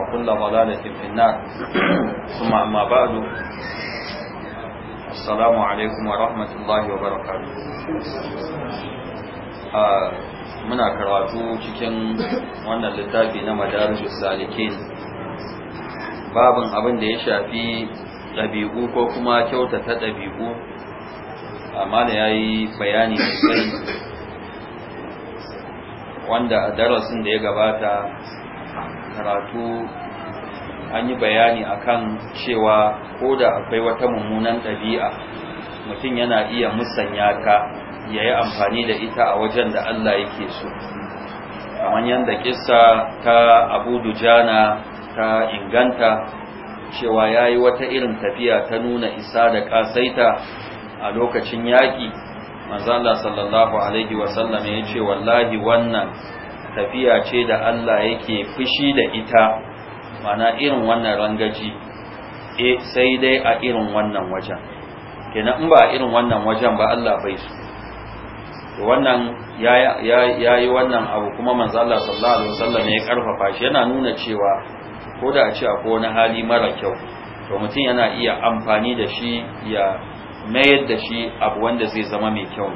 وكل ضلالة في النار ثم أما بعد السلام عليكم ورحمة الله وبركاته muna karatu cikin wannan littafi na madarijus salikin babin abin da ya shafi ɗabi'u ko kuma kyautata ɗabi'u amma da ya yi bayani sosai wanda a darasin da ya gabata karatu an yi bayani akan cewa ko da akwai wata mummunan ɗabi'a mutum yana iya musanya ka ya yi amfani da ita a wajen da Allah yake so kamar yadda ƙisa ta abu dujana ta inganta cewa ya yi wata irin tafiya ta nuna isa da ƙasaita a lokacin yaƙi manzala sallallahu alaihi wasallam ya ce wallahi wannan tafiya ce da Allah yake fushi da ita mana irin wannan rangaji e sai dai a irin wannan wajen kenan in ba irin wannan wajen ba Allah bai su wannan ya yi wannan abu kuma manzo Allah sallallahu alaihi wasallam ya karfafa shi yana nuna cewa ko da a ce akwai wani hali mara kyau to mutum yana iya amfani da shi ya mayar da shi abu wanda zai zama mai kyau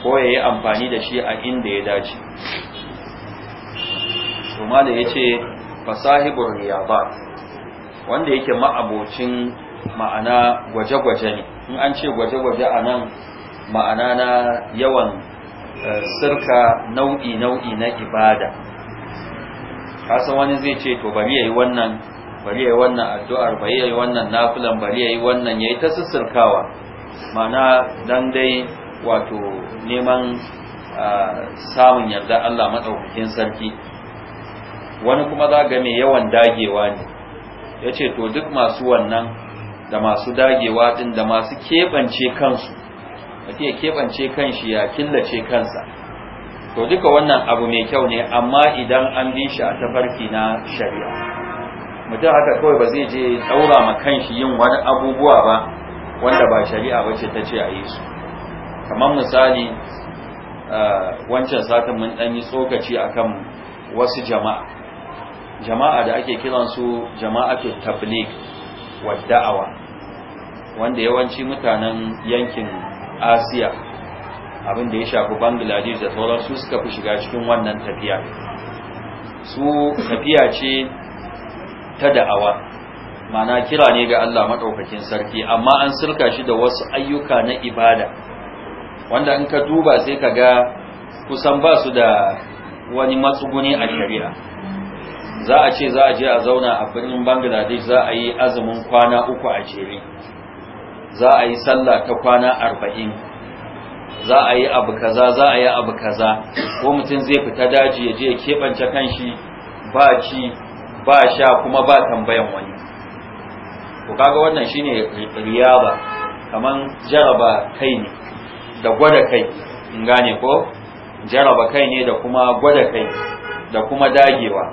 ko ya yi amfani da shi a inda ya dace malam ya ce fasahibur riyabat wanda yake ma'abocin ma'ana gwaje-gwaje ne in an ce gwaje-gwaje a nan ma'ana na yawan eh, sirka nau'i-nau'i na ibada kasan wani zai ce to bari ya yi wannan bari ya yi wannan addu'ar bari ya yi wannan nafilan bari ya yi wannan ya yi ta sirkawa mana dan dai wato neman ah, samun yarda Allah maɗaukakin sarki wani kuma za ga mai yawan dagewa ne ya ce to duk masu wannan da masu dagewa din da masu keɓance kansu mutum ya keɓance kanshi ya killace kansa to duka wannan abu mai kyau ne amma idan an bi shi a tafarki na shari'a mutum haka kawai ba zai je ɗaura ma kanshi yin wani abubuwa ba wanda ba shari'a ba ce ta ce a yi su kamar misali ah, wancan satin mun ɗan yi tsokaci akan wasu jama'a jama'a da ake kiransu jama'atu tabligh wa da'awa wanda yawanci mutanen yankin asiya abin da ya shafi bangladesh da sauran su suka fi shiga cikin wannan tafiya su tafiya ce ta da'awa mana kira ne ga Allah maɗaukakin sarki amma an sirka shi da wasu ayyuka na ibada wanda in ka duba sai ka ga kusan ba su da wani matsuguni a shari'a za a ce za a je a zauna a birnin bangladesh za a yi azumin kwana uku a jere za a yi sallah ta kwana arba'in za a yi abu kaza za a yi abu kaza ko mutum zai fita daji ya je ya keɓance kanshi ba ci ba sha kuma ba tambayan wani Ku kaga wannan shine riyaba kaman jaraba kai ne da gwada kai in gane ko jaraba kai ne da kuma gwada kai da kuma dagewa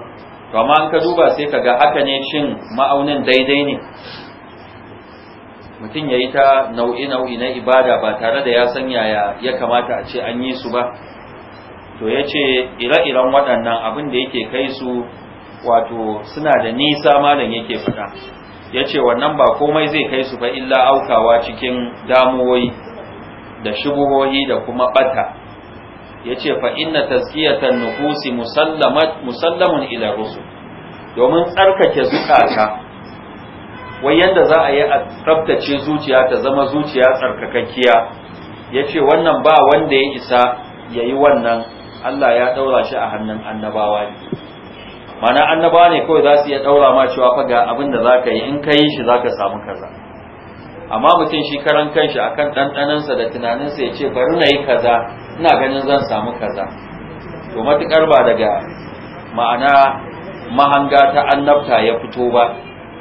to amma an ka duba sai ka ga haka ne shin ma'aunin daidai ne mutum ya yi ta nau'i-nau'i na ibada ba tare da ya san yaya ya kamata a ce an yi su ba to ya ce ire-iren waɗannan abin da yake kai su wato suna da nisa malam yake faɗa ya ce wannan ba komai zai kai su ba illa aukawa cikin damuwoyi da shubuhohi da kuma ɓata yace fa inna tazkiyatan nufusi musallamat musallamun ila rusul domin tsarkake zukata wai yadda za a yi a tsabtace zuciya ta zama zuciya tsarkakakkiya yace wannan ba wanda ya isa yayi wannan Allah ya daura shi a hannun annabawa ne mana annabawa ne kawai za su iya daura ma cewa fa ga abin da zaka yi in ka yi shi zaka samu kaza amma mutum shi karan kanshi akan ɗanɗanansa da tunaninsa ya ce bari na yi kaza ina ganin zan samu kaza to matukar ba daga ma'ana mahanga ta annabta ya fito ba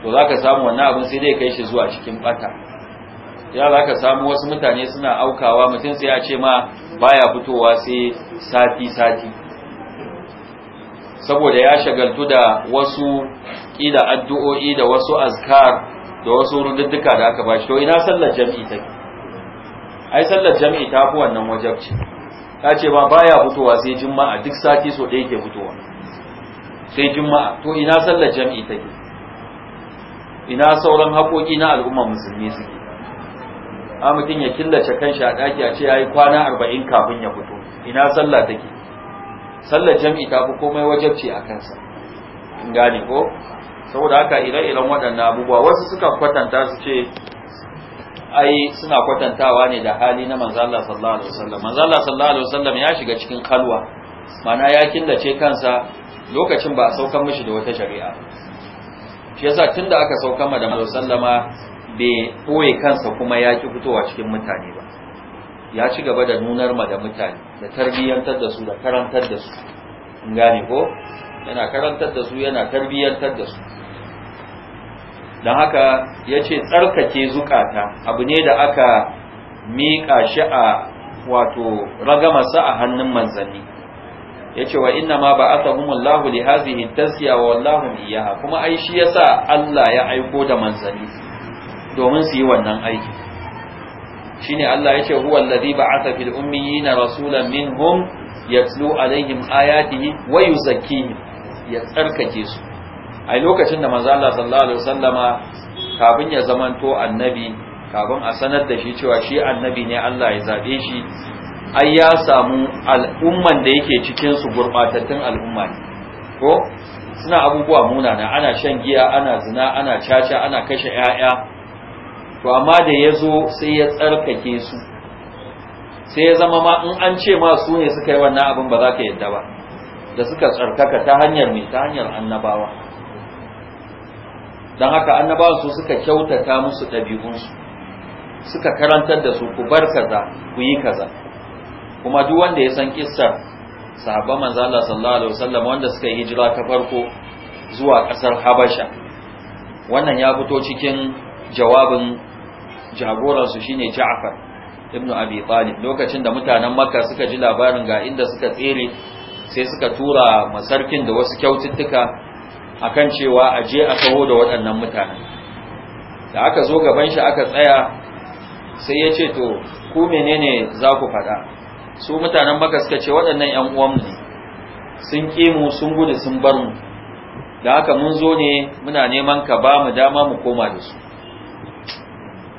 to zaka samu wannan abin sai dai kai shi zuwa cikin bata ya zaka samu wasu mutane suna aukawa mutum sai ya ce ma baya fitowa sai sati sati saboda ya shagaltu da wasu kila addu'o'i da wasu azkar da wasu rundudduka da aka bashi to ina sallar jami'i take ai sallar jami'i ta fi wannan wajabci ta ce ba baya fitowa sai juma'a duk sati so ɗaya ke fitowa sai juma'a to ina sallar jam'i take ina sauran haƙoƙi na al'umma musulmi suke a mutum ya killace kanshi a ɗaki a ce ya yi kwana arba'in kafin ya fito ina sallah take sallar jam'i ta fi komai wajabci a kansa in gane ko saboda haka ire-iren waɗannan abubuwa wasu suka kwatanta su ce ai suna kwatantawa ne da hali na manzo Allah sallallahu alaihi wasallam manzo Allah sallallahu alaihi wasallam ya shiga cikin kalwa mana ya killace kansa lokacin ba a saukan mishi da wata shari'a shi yasa tunda aka sauka ma da manzo sallama bai boye kansa kuma ya ki fitowa cikin mutane ba ya ci gaba da nunar ma da mutane da tarbiyyantar da su da karantar da su in gane ko yana karantar da su yana tarbiyyantar da su don haka ya ce tsarkake zukata abu ne da aka miƙa shi a wato ragamasa a hannun manzanni ya ce wa inna ma ba aka humullahu li hazihi tasiya wa wallahun iyaha kuma ai shi yasa Allah ya aiko da manzanni domin su yi wannan aiki shine Allah ya ce huwa alladhi ba'atha fil ummiyina rasulan minhum yatlu alaihim ayatihi wa yuzakkihim ya tsarkake su ai lokacin da manzo Allah sallallahu alaihi wasallama kafin ya zamanto annabi kafin a sanar da shi cewa shi annabi ne Allah ya zabe shi ai ya samu al'umman da yake cikin su gurbatattun al'umma ne ko suna abubuwa munana ana shan giya ana zina ana caca ana kashe 'ya'ya? to amma da yazo sai ya tsarkake su sai ya zama ma in an ce ma su ne suka yi wannan abin ba za ka yadda ba da suka tsarkaka ta hanyar mai ta hanyar annabawa don haka annabawa su suka kyautata musu ɗabi'unsu suka karantar da su ku bar kaza ku yi kaza kuma duk wanda ya san kissar sahabban manzo Allah sallallahu alaihi wasallam wanda suka yi hijira ta farko zuwa ƙasar Habasha wannan ya fito cikin jawabin jagoransu shine Ja'far ibn Abi Talib lokacin da mutanen Makka suka ji labarin ga inda suka tsere sai suka tura masarkin da wasu kyaututtuka akan cewa a je a taho da waɗannan mutane da aka zo gaban shi aka tsaya sai ya ce to ku menene za ku faɗa su mutanen maka suka ce waɗannan 'yan uwanmu ne sun ƙi mu sun gudu sun bar mu da haka mun zo ne muna neman ka ba mu dama mu koma da su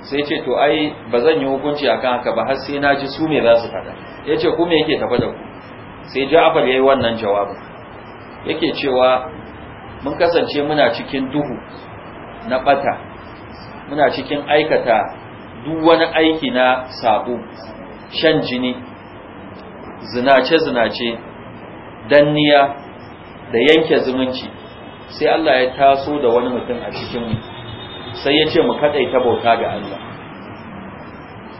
sai ce to ai ba zan yi hukunci akan haka ba har sai na ji su me za su faɗa ya ce ku me yake tafa da ku sai ja'afar ya yi wannan jawabin yake cewa mun kasance muna cikin duhu na bata muna cikin aikata duk wani aiki na sabo shan jini zinace-zinace danniya da yanke zumunci sai Allah ya taso da wani mutum a cikin sai ya ce mu ta bauta ga Allah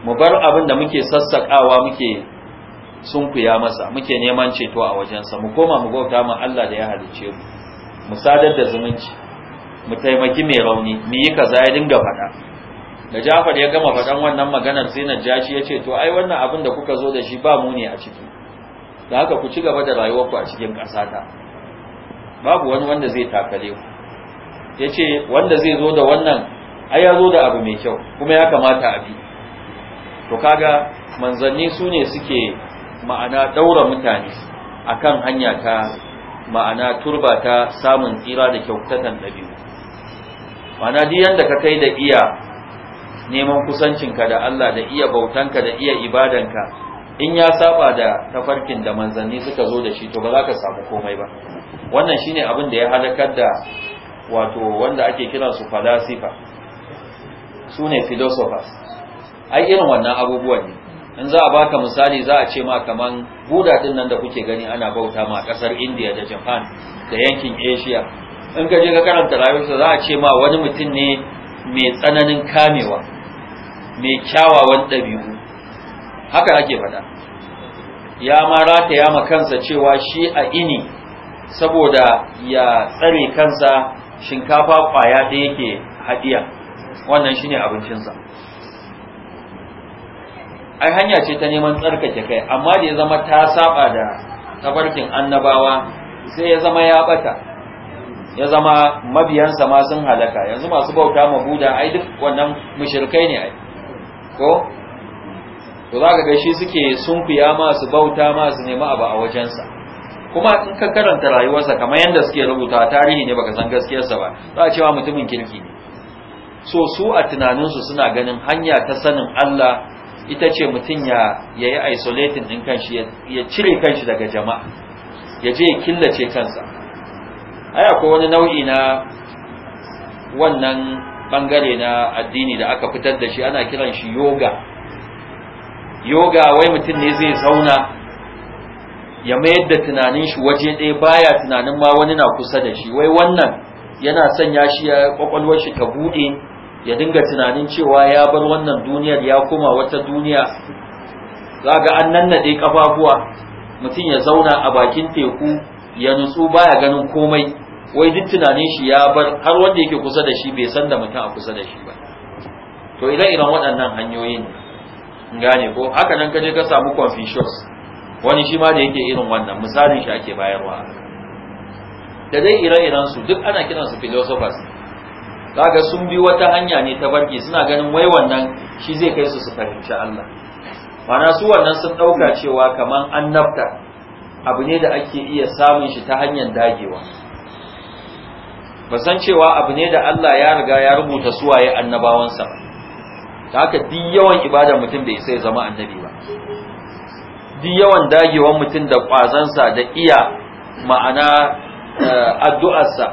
mu bar abin da muke sassaƙawa muke sunkuya masa muke neman ceto a wajensa mu koma mu bauta ma Allah da ya halicce mu mu sadar da zumunci mu taimaki mai rauni mu yi kaza ya dinga faɗa da Jafar ya gama faɗan wannan maganar sai jashi ya ce to ai wannan abin da kuka zo da shi ba mu ne a ciki da haka ku ci gaba da rayuwarku a cikin ƙasata babu wani wanda zai takale ku ya ce wanda zai zo da wannan ai ya zo da abu mai kyau kuma ya kamata a bi to kaga manzanni su ne suke ma'ana ɗaura mutane akan hanya ta ma'ana turba ta samun tsira da kyautatan ɗabi'u ma'ana duk yanda ka kai da iya neman kusancinka da Allah da iya bautanka da iya ibadanka in ya saba da tafarkin da manzanni suka zo da shi to ba za ka samu komai ba wannan shine abin da ya halakar da wato wanda ake kira su falasifa su ne philosophers ai irin wannan abubuwan ne in za a baka misali za a ce ma kaman buda din nan da kuke gani ana bauta ma kasar Indiya da japan da yankin asia in ka je ka karanta rayuwarsa za a ce ma wani mutum ne mai tsananin kamewa mai kyawawan ɗabi'u haka ake faɗa ya ma rata ya ma kansa cewa shi a ini saboda ya tsare kansa shinkafa kwaya da yake haɗiya. wannan shi ne abincinsa ai hanya ce ta neman tsarkake kai amma da ya zama ta saba da tabarkin annabawa sai ya zama ya bata ya zama mabiyansa ma sun halaka yanzu masu bauta ma buda ai duk wannan mushrikai ne ai ko to za ga shi suke sunkuya ma su bauta ma su nemi abu a wajensa kuma in ka karanta rayuwarsa kamar yadda suke rubuta tarihi ne baka san gaskiyarsa ba za a cewa mutumin kirki ne so su a tunaninsu suna ganin hanya ta sanin Allah ita ce mutum ya yi isolating ɗin kanshi ya cire kanshi daga jama'a ya je ya killace kansa ai akwai wani nau'i na wannan bangare na addini da aka fitar da shi ana kiran shi yoga yoga wai mutum ne zai zauna ya mayar da tunanin shi waje ɗaya baya tunanin ma wani na kusa da shi wai wannan yana sanya shi ya kwakwalwar shi ta buɗe ya dinga tunanin cewa ya bar wannan duniyar ya koma wata duniya za ga an nannade kafafuwa mutum ya zauna a bakin teku ya nutsu baya ganin komai wai duk tunanin shi ya bar har wanda yake kusa da shi bai san da mutum a kusa da shi ba to idan irin waɗannan hanyoyin gane ko haka nan kaje ka samu confucius wani shi ma da yake irin wannan misalin shi ake bayarwa da dai ire-iren su duk ana kiransu philosophers kaga sun bi wata hanya ne ta barke suna ganin wai wannan shi zai kai su su fahimci Allah mana su wannan sun dauka cewa kaman annabta abu ne da ake iya samun shi ta hanyar dagewa basan cewa abu ne da Allah ya riga ya rubuta su waye annabawansa ta haka duk yawan ibada mutum bai sai zama annabi ba duk yawan dagewan mutum da kwazansa da iya ma'ana Eh, addu'arsa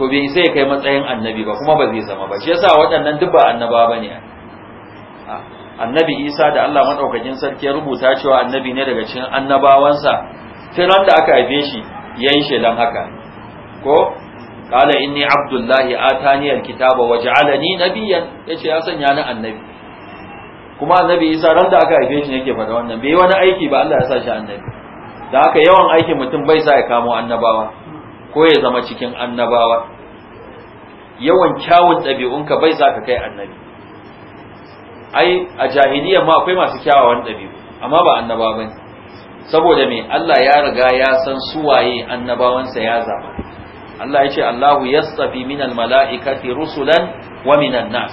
to bai sai kai matsayin annabi ba kuma ba zai zama ba shi yasa waɗannan duk ba annaba bane ah, annabi Isa da Allah madaukakin sarki ya rubuta cewa annabi ne daga cikin annabawansa tiran da aka haife shi yayin shelan haka ko qala inni abdullahi atani alkitaba waj'alani nabiyyan yace ya sanya ni annabi kuma annabi Isa ran da aka haife shi yake faɗa wannan bai wani aiki ba Allah ya sa shi annabi da haka yawan aikin mutum bai sa ya kamo annabawa ko ya zama cikin annabawa yawan kyawun ɗabi'unka bai za ka kai annabi ai a jahiliyyar ma akwai masu kyawawan ɗabi'u amma ba annabawa bane saboda me Allah ya riga ya san su waye annabawansa ya zaba Allah ya ce Allahu yastafi minal mala'ikati rusulan wa minan nas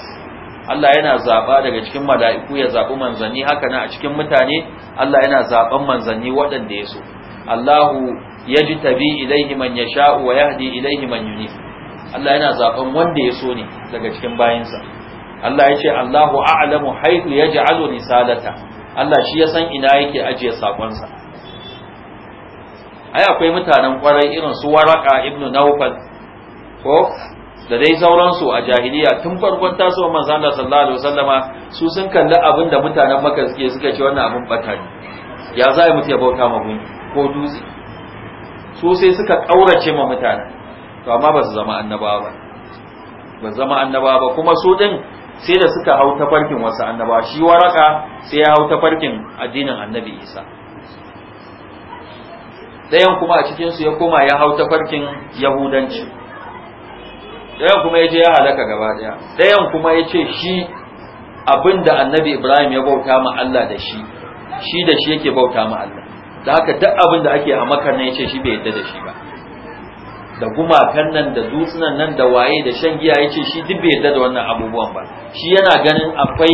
Allah yana zaba daga cikin mala'iku ya zabi manzanni haka na a cikin mutane Allah yana zaban manzanni waɗanda ya so Allahu yajtabi ilayhi man yasha'u wa yahdi ilayhi man yunib Allah yana zaban wanda ya so ne daga cikin bayinsa Allah ya ce Allahu a'lamu haythu yaj'alu risalata Allah shi ya san ina yake ajiye sakonsa ai akwai mutanen kwarai irin su waraka ibnu nawfal ko da dai sauransu a jahiliya tun farkon tasowar manzon Allah sallallahu alaihi wasallama su sun kalli abin da mutanen Makka suke suka ce wannan abin bata ne ya zai mu ya bauta ma ko dutse su sai suka kaurace ma mutane to amma ba su zama annabawa ba ba zama annabawa ba kuma su din sai da suka hau tafarkin wasu annabawa shi waraka sai ya hau tafarkin addinin annabi isa ɗayan kuma a cikinsu ya koma ya hau tafarkin yahudanci ɗayan kuma ya je ya halaka gaba ɗaya ɗayan kuma ya ce shi abin da annabi ibrahim ya bauta ma allah da shi shi da shi yake bauta ma allah da haka duk abin da ake a makar nan yace shi bai yadda da shi ba da gumakan nan da dutsunan nan da waye da shan giya yace shi duk bai yadda da wannan abubuwan ba shi yana ganin akwai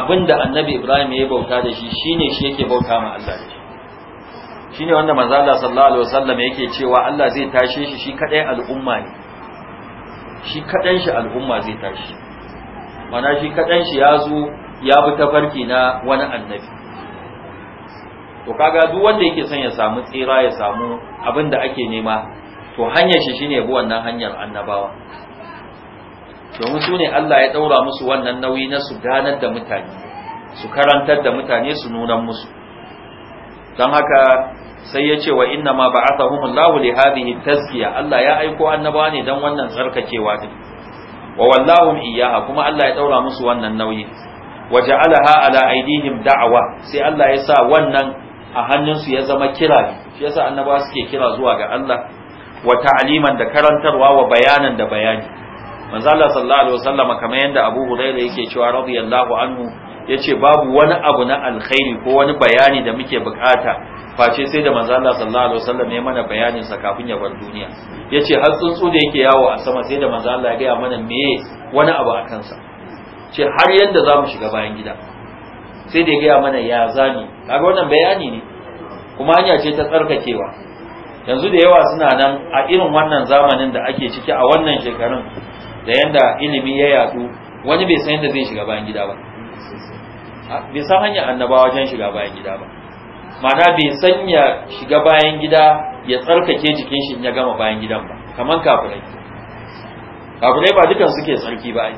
abin da annabi ibrahim ya bauta da shi shine shi yake bauta ma Allah da shi shine wanda manzo Allah sallallahu alaihi wasallam yake cewa Allah zai tashe shi shi kadai al'umma ne shi kadan shi al'umma zai tashi mana shi kadan shi ya zo ya bi tafarki na wani annabi to kaga duk wanda yake son ya samu tsira ya samu abin da ake nema to hanyar shi shine bi wannan hanyar annabawa domin su ne Allah ya daura musu wannan nauyi na su ganar da mutane su karantar da mutane su nuna musu don haka sai ya ce wa inna ma ba'athahum Allah li hadhihi tazkiya Allah ya aiko annabawa ne dan wannan tsarkakewa din wa wallahu iyyaha kuma Allah ya daura musu wannan nauyi waja'alaha ala aidihim da'awa," sai Allah ya sa wannan a hannunsu ya zama kira ne shi yasa annaba suke kira zuwa ga Allah wa ta'aliman da karantarwa wa bayanan da bayani manzo Allah sallallahu alaihi wasallam kamar yanda Abu Hurairah yake cewa radiyallahu anhu yace babu wani abu na alkhairi ko wani bayani da muke bukata face sai da manzo Allah sallallahu alaihi wasallam ya mana bayanin sa kafin ya bar duniya yace har tsuntsu da yake yawo a sama sai da manzo Allah ya ga mana me wani abu a kansa, ce har yanda zamu shiga bayan gida sai da ya gaya mana ya zami kaga wannan bayani ne kuma hanya ce ta tsarkakewa yanzu da yawa suna nan a irin wannan zamanin da ake ciki a wannan shekarun da yanda ilimi ya yadu wani bai san yadda zai shiga bayan gida ba bai san hanyar annaba wajen shiga bayan gida ba ma'ana bai san ya shiga bayan gida ya tsarkake jikin shi ya gama bayan gidan ba kamar kafirai kafirai ba dukan suke tsarki ba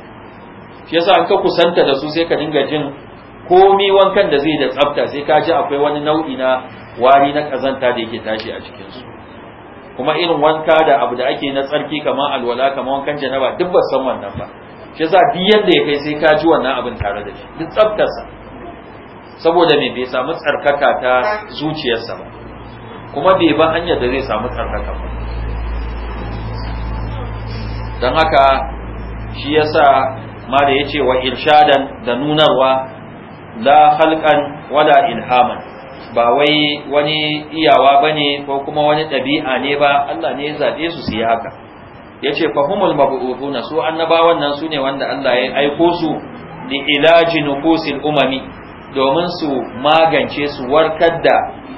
shi yasa an ka kusanta da su sai ka dinga jin komi wankan da zai da tsafta sai ka ji akwai wani nau'i na wari na kazanta da yake tashi a cikin su kuma irin wanka da abu da ake na tsarki kamar alwala kamar wankan janaba duk ba san wannan ba shi yasa duk yanda ya kai sai ka ji wannan abin tare da shi duk tsaftarsa saboda me bai samu tsarkaka ta zuciyarsa ba kuma bai ba hanyar da zai samu tsarkaka ba don haka shi yasa ma da ya ce wa irshadan da nunarwa la halkan wala ilhaman ba wai wani iyawa bane ko kuma wani ɗabi'a ne ba Allah ne ya zaɓe su su yi haka yace fahumul na su annabawan nan sune wanda Allah ya aiko su li ilaji nufusil umami domin su magance su warkar da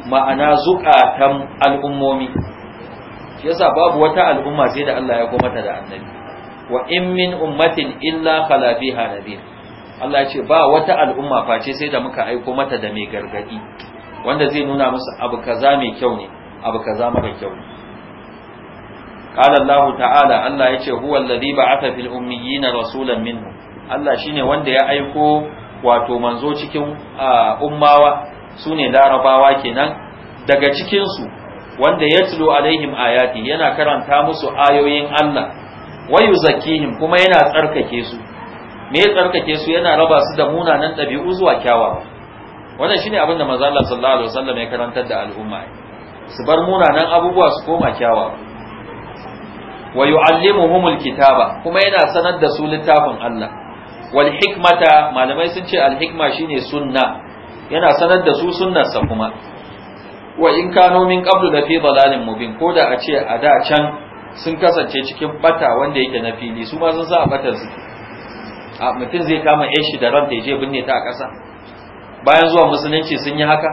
ma'ana zukatan al'ummomi yasa babu wata al'umma sai da Allah ya goma ta da annabi wa in min ummatin illa khala fiha Allah ya ce ba wata al'umma face sai da muka aiko mata da mai gargadi wanda zai nuna musu abu kaza mai kyau ne abu kaza mara kyau ne ta'ala Allah ya ce huwa alladhi ba'atha fil ummiyina rasulan minhu Allah shine wanda ya aiko wato manzo cikin ummawa sune larabawa kenan daga cikin su wanda yatlu alaihim ayati yana karanta musu ayoyin Allah wayu zakihim kuma yana tsarkake su me ya tsarkake su yana raba su da munanan ɗabi'u zuwa kyawawa wannan shine abin da manzo Allah sallallahu alaihi wasallam ya karantar da al'umma su bar munanan abubuwa su koma kyawawa wa yu'allimuhum kitaba kuma yana sanar da su littafin Allah wal hikmata malamai sun ce al hikma shine sunna yana sanar da su sunnarsa kuma wa in kano min qablu da fi balalin mubin ko da a ce a da can sun kasance cikin bata wanda yake na fili su ma sun sa a batar su a mutum zai kama yan shi da ran da ya je binne ta a ƙasa bayan zuwa musulunci sun yi haka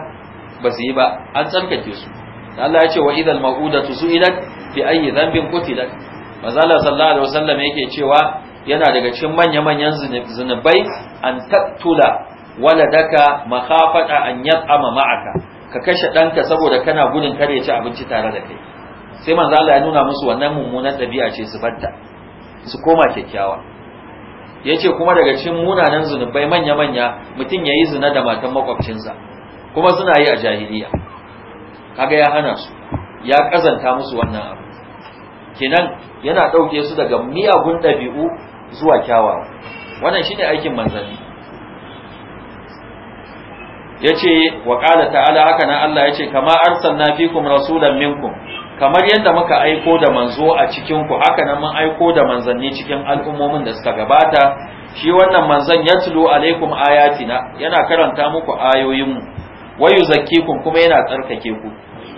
ba su yi ba an tsarkake su Allah ya ce wa idal ma'udatu su'ilat bi ayyi dhanbin qutilat manzo sallallahu alaihi wasallam yake cewa yana daga cikin manya-manyan zunubai an tattula waladaka makhafata an yat'ama ma'aka ka kashe danka saboda kana gudun kare ci abinci tare da kai sai manzo Allah ya nuna musu wannan mummunan dabi'a ce su batta su koma kyakkyawa Ya ce kuma daga cikin munanan zunubai manya manya mutum ya yi zina da matan makwabcinsa kuma suna yi a jahiliya kaga ya hana su ya kazanta musu wannan abu kenan yana ɗauke su daga miyagun ɗabi'u zuwa kyawawa wannan shine aikin manzanni ce wa qala ta'ala haka nan Allah ya ce kama na fi kuma rasulan minkum kamar yadda muka aiko da manzo a cikin ku haka nan mun aiko da manzanni cikin al'ummomin da suka gabata shi wannan manzon yatlu alaikum ayatina yana karanta muku ayoyinmu wa yuzakkikum kuma yana tsarkake ku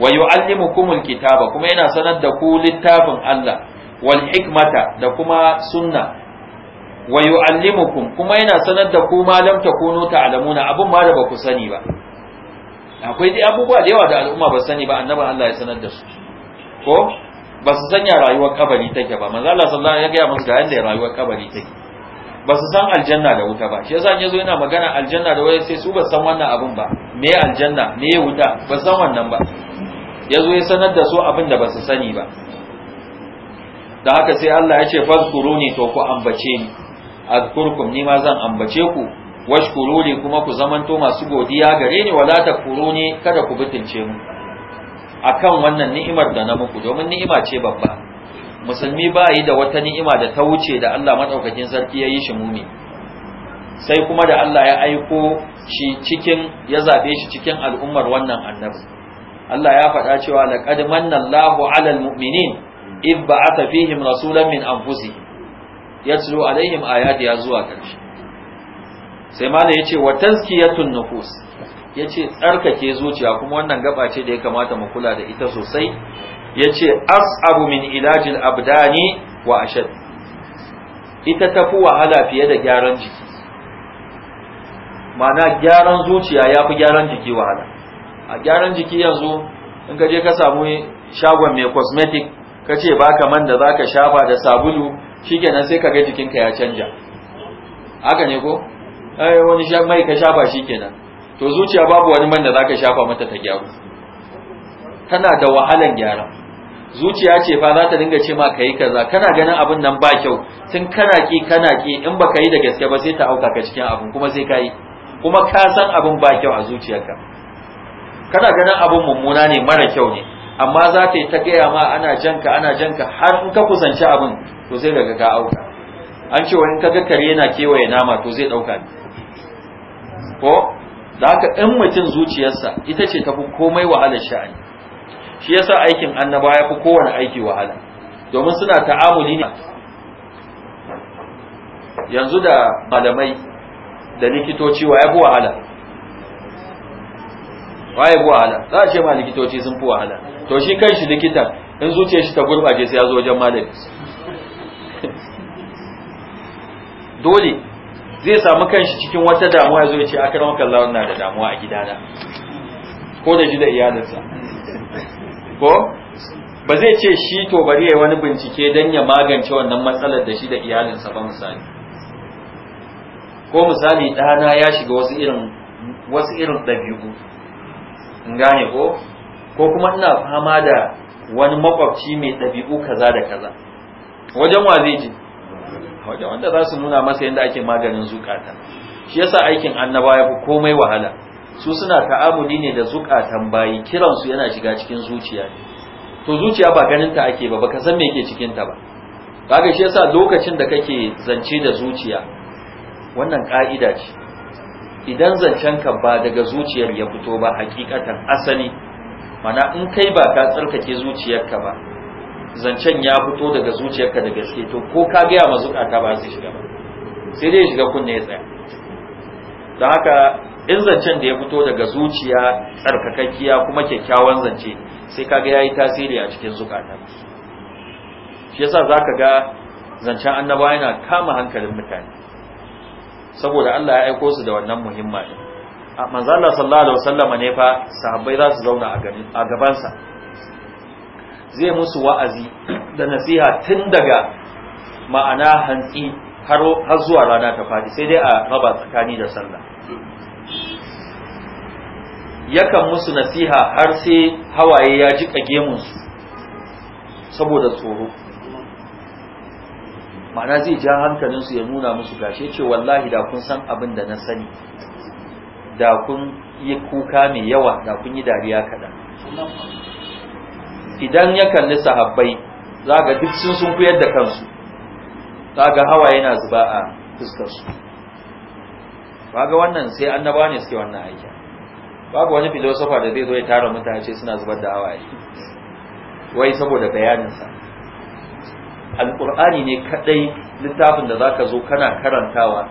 wa yuallimukumul kitaba kuma yana sanar da ku littafin Allah wal hikmata da kuma sunna wa yuallimukum kuma yana sanar da ku ma lam takunu ta'lamuna abun ma da ba ku sani ba akwai dai abubuwa da yawa da al'umma ba sani ba annaban Allah ya sanar da su ko ba su sanya rayuwar kabari take ba manzo Allah sallallahu alaihi wasallam ya gaya musu ga yadda rayuwar kabari take ba su san aljanna da wuta ba shi yasa yazo yana magana aljanna da wuta sai su ba san wannan abin ba me aljanna me wuta ba san wannan ba yazo ya sanar da su abin da ba su sani ba da haka sai Allah ya ce fazkuruni to ku ambace ni azkurkum ni ma zan ambace ku washkuruni kuma ku zamanto masu godiya gare ni wala takfuruni kada ku bitince mu akan wannan ni'imar da na muku domin ni'ima ce babba musulmi ba yi da wata ni'ima da ta wuce da Allah madaukakin sarki ya yi shi mumi sai kuma da Allah ya aiko shi cikin ya zabe shi cikin al'ummar wannan annabi Allah ya faɗa cewa laqad manna Allahu 'alal mu'minin id ba'atha fihim rasulan min anfusihim yatlu alaihim ayati ya zuwa ƙarshe sai malai yace wa tazkiyatun nufus ya ce tsarkake zuciya kuma wannan gaba ce da ya kamata mu kula da ita sosai ya ce as'abu min ilajil abdani wa ashad ita tafi wahala fiye da gyaran jiki ma'ana gyaran zuciya ya fi gyaran jiki wahala a gyaran jiki yanzu in ka je ka samu shagon mai cosmetic ka ce baka man da za ka shafa da sabulu shikenan sai ka ga jikinka ya canja haka ne ko ai wani mai ka shafa shikenan to zuciya babu wani man da zaka shafa mata ta gyaru tana da wahalan gyara zuciya ce fa za ta dinga ce ma kai kaza kana ganin abin nan ba kyau tun kana ki kana ki in baka yi da gaske ba sai ta auka ka cikin abin kuma sai kai kuma ka san abin ba kyau a zuciyarka kana ganin abin mummuna ne mara kyau ne amma za ta yi ta gaya ma ana janka ana janka har in ka kusanci abin to sai daga ka auka an ce wani kaga kare yana kewaye nama to zai ɗauka ne ko da haka in mutum zuciyarsa ita ce tafi komai wahalar sha'ani shi yasa aikin annaba ya fi kowane aiki wahala domin suna ta'amuli ne yanzu da malamai da likitoci wa ya fi wahala wa ya fi wahala za a ce ma likitoci sun fi wahala to shi kan shi likitan in zuciyar shi ta gurɓace sai ya zo wajen malami dole zai samu kanshi cikin wata damuwa zai ce aka ramaka Allah wannan da damuwa a gidana ko da shi da iyalinsa ko ba zai ce shi to bari yayi wani bincike dan ya magance wannan matsalar da shi da iyalinsa ba misali ko misali ɗana ya shiga wasu irin wasu ɗabi'u in gane ko ko kuma ina fama da wani makwabci mai ɗabi'u kaza da kaza wajen wa zai ji wajen wanda za su nuna masa yadda ake maganin zukata shi yasa aikin annaba ya fi komai wahala su suna ta'amuli ne da zukatan bayi kiransu yana shiga cikin zuciya to zuciya ba ganin ta ake ba baka san me yake cikin ta ba kaga shi yasa lokacin da kake zance da zuciya wannan ka'ida ce idan zancen ka ba daga zuciyar ya fito ba hakikatan asali mana in kai ba ka tsarkake zuciyarka ba zancen ya fito daga zuciyarka da gaske to ko ka gaya ma zukata ba zai shiga ba sai dai shiga kunne ya tsaya don haka in zancen da ya fito daga zuciya tsarkakakkiya kuma kyakkyawan zance sai kaga yayi tasiri a cikin zukata shi yasa zaka ga zancen annaba yana kama hankalin mutane saboda Allah ya aiko su da wannan muhimmanci manzo Allah sallallahu alaihi wasallam ne fa sahabbai za su zauna a gaban sa zai musu wa'azi da nasiha tun daga ma'ana hantsi har zuwa rana ta faɗi sai dai a raba tsakani da sallah yakan musu nasiha har sai hawaye ya ji gemunsu saboda tsoro ma'ana zai ja hankalinsu ya nuna musu gashe ce wallahi da kun san abin da na sani da kun yi kuka mai yawa da kun yi dariya kaɗan idan ya kalli sahabbai za ga duk sun sun kuyar da kansu za ga hawa yana zuba a fuskarsu ba ga wannan sai annaba ne suke wannan aiki babu wani filosofa da zai zo ya tara mutane ce suna zubar da hawaye wai saboda bayaninsa alƙur'ani ne kadai littafin da zaka zo kana karantawa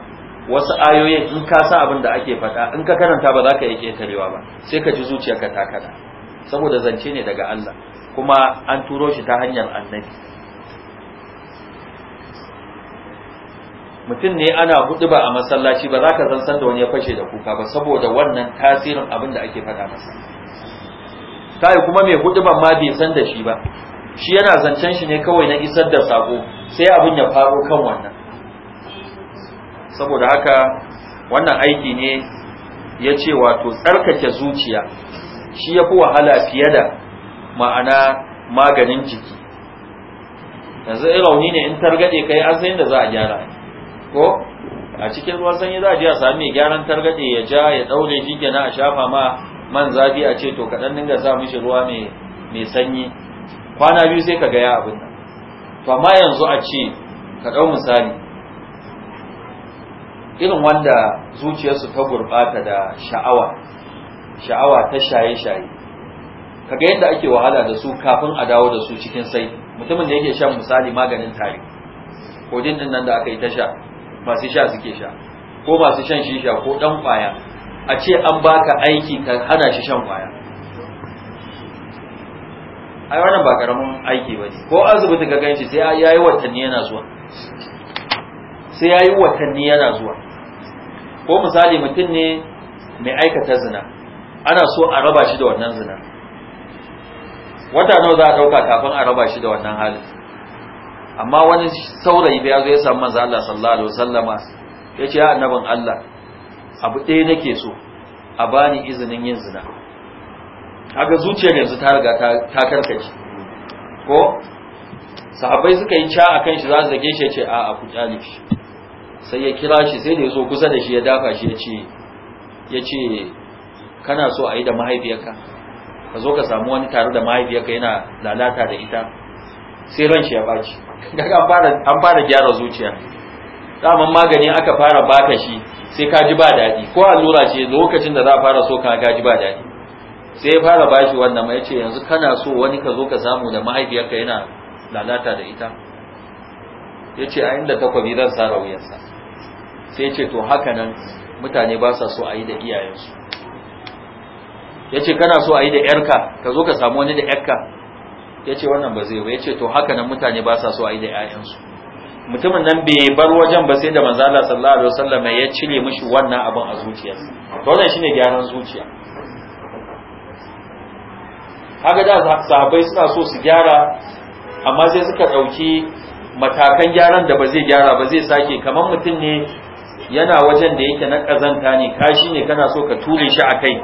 wasu ayoyin in ka san abin da ake faɗa in ka karanta ba za ka yi ƙetarewa ba sai ka ji zuciyarka ta kada saboda zance ne daga Allah kuma an turo shi ta hanyar annabi mutum ne ana hudu ba a masallaci ba za ka zansan da wani ya fashe da kuka ba saboda wannan tasirin abin da ake faɗa masa tayi kuma mai hudu ban ma bai san da shi ba shi yana zancen shi ne kawai na isar da sako sai abin ya faro kan wannan saboda haka wannan aiki ne ya ce wato tsarkake zuciya shi ya fi wahala fiye da ma'ana maganin jiki yanzu rauni ne in targade kai yi da za a gyara ko a cikin ruwan sanyi za a je a sami mai gyaran targade ya ja ya ɗaure, shi a shafa ma man zafi a ce to kaɗan dinga sa mishi ruwa mai sanyi kwana biyu sai ka ga ya abin nan to amma yanzu a ce ka ɗau misali irin wanda zuciyarsu ta gurɓata da sha'awa sha'awa ta shaye-shaye kaga yadda ake wahala da su kafin a dawo da su cikin sai mutumin da yake shan misali maganin tari ko din nan da aka yi ta sha masu sha suke sha ko masu shan shisha ko dan kwaya a ce an baka aiki ka hana shi shan kwaya ai wannan ba karamin aiki ba ko azubuta ka ganshi sai ya yi watanni yana zuwa sai ya yi watanni yana zuwa ko misali mutum ne mai aikata zina ana so a raba shi da wannan zina wata nawa za a ɗauka kafin a raba shi da wannan halin amma wani saurayi da ya zo ya samu manzo Allah sallallahu alaihi wasallama ya ce ya annabin Allah abu ɗaya nake so a bani izinin yin zina haka zuciyar yanzu ta riga ta karkace ko sahabbai suka yi ca akan shi za su zage shi ce a a ku kyale shi sai ya kira shi sai da ya zo kusa da shi ya dafa shi ya ce ya ce kana so a yi da mahaifiyarka ka zo ka samu wani tare da mahaifiyarka yana lalata da ita sai ran shi ya baci daga an fara gyara zuciya daman magani aka fara baka shi sai ka ji ba daɗi ko allura ce lokacin da za a fara so ka ga ji ba daɗi sai ya fara bashi wannan mai ce yanzu kana so wani ka zo ka samu da mahaifiyarka yana lalata da ita ya ce a inda takwabi zan sa rauyarsa sai ya ce to haka nan mutane ba sa so a yi da iyayensu ya ce kana so a yi da yarka ka zo ka samu wani da yarka ya ce wannan ba zai ba ya ce to haka nan mutane ba sa so a yi da 'ya'yansu mutumin nan bai bar wajen ba sai da manzala sallallahu alaihi wasallam ya cire mishi wannan abin a zuciyarsa to wannan shine gyaran zuciya haka da sahabbai suna so su gyara amma sai suka ɗauki matakan gyaran da ba zai gyara ba zai sake kamar mutum ne yana wajen da yake na ƙazanta ne kashi ne kana so ka ture shi a kai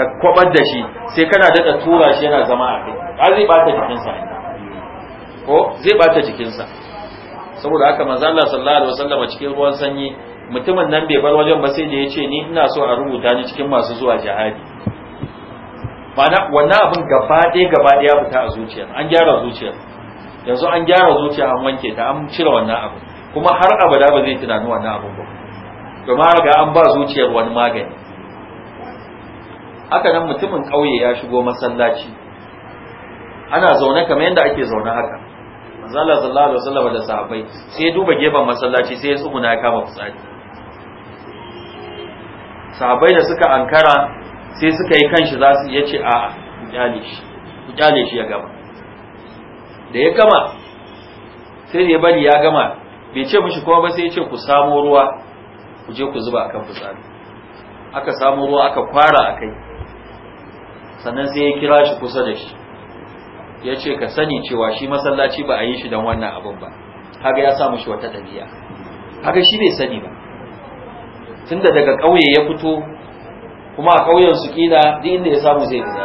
ka kwabar da shi sai kana daɗa tura shi yana zama a kai Ba zai bata jikinsa ko zai bata jikinsa saboda haka manzo Allah sallallahu alaihi wasallam cikin ruwan sanyi mutumin nan bai bar wajen ba sai da yace ni ina so a rubuta ni cikin masu zuwa jihadi mana wannan abin gaba ɗaya gaba ɗaya fita a zuciya an gyara zuciya yanzu an gyara zuciya an wanke ta an cire wannan abin kuma har abada ba zai tunani wannan abin ba domin ga an ba zuciyar wani magani haka nan mutumin ƙauye ya shigo masallaci ana zaune kamar yadda ake zaune haka manzala sallallahu alaihi wasallam da sahabbai sai ya duba gefen masallaci sai ya tsuguna ya kama fitsari sahabbai da suka ankara sai suka yi kanshi za su yace a kyale shi ku kyale shi ya gama da ya gama sai da ya bari ya gama bai ce mishi kuma ba sai ya ce ku samo ruwa ku je ku zuba akan fitsari aka samo ruwa aka kwara akai sannan sai ya kira shi kusa da shi ya ce ka sani cewa shi masallaci ba a yi shi don wannan abin ba haka ya samu shi wata ɗabi'a haka shi bai sani ba tunda daga ƙauye ya fito kuma a ƙauyen su kila duk inda ya samu zai da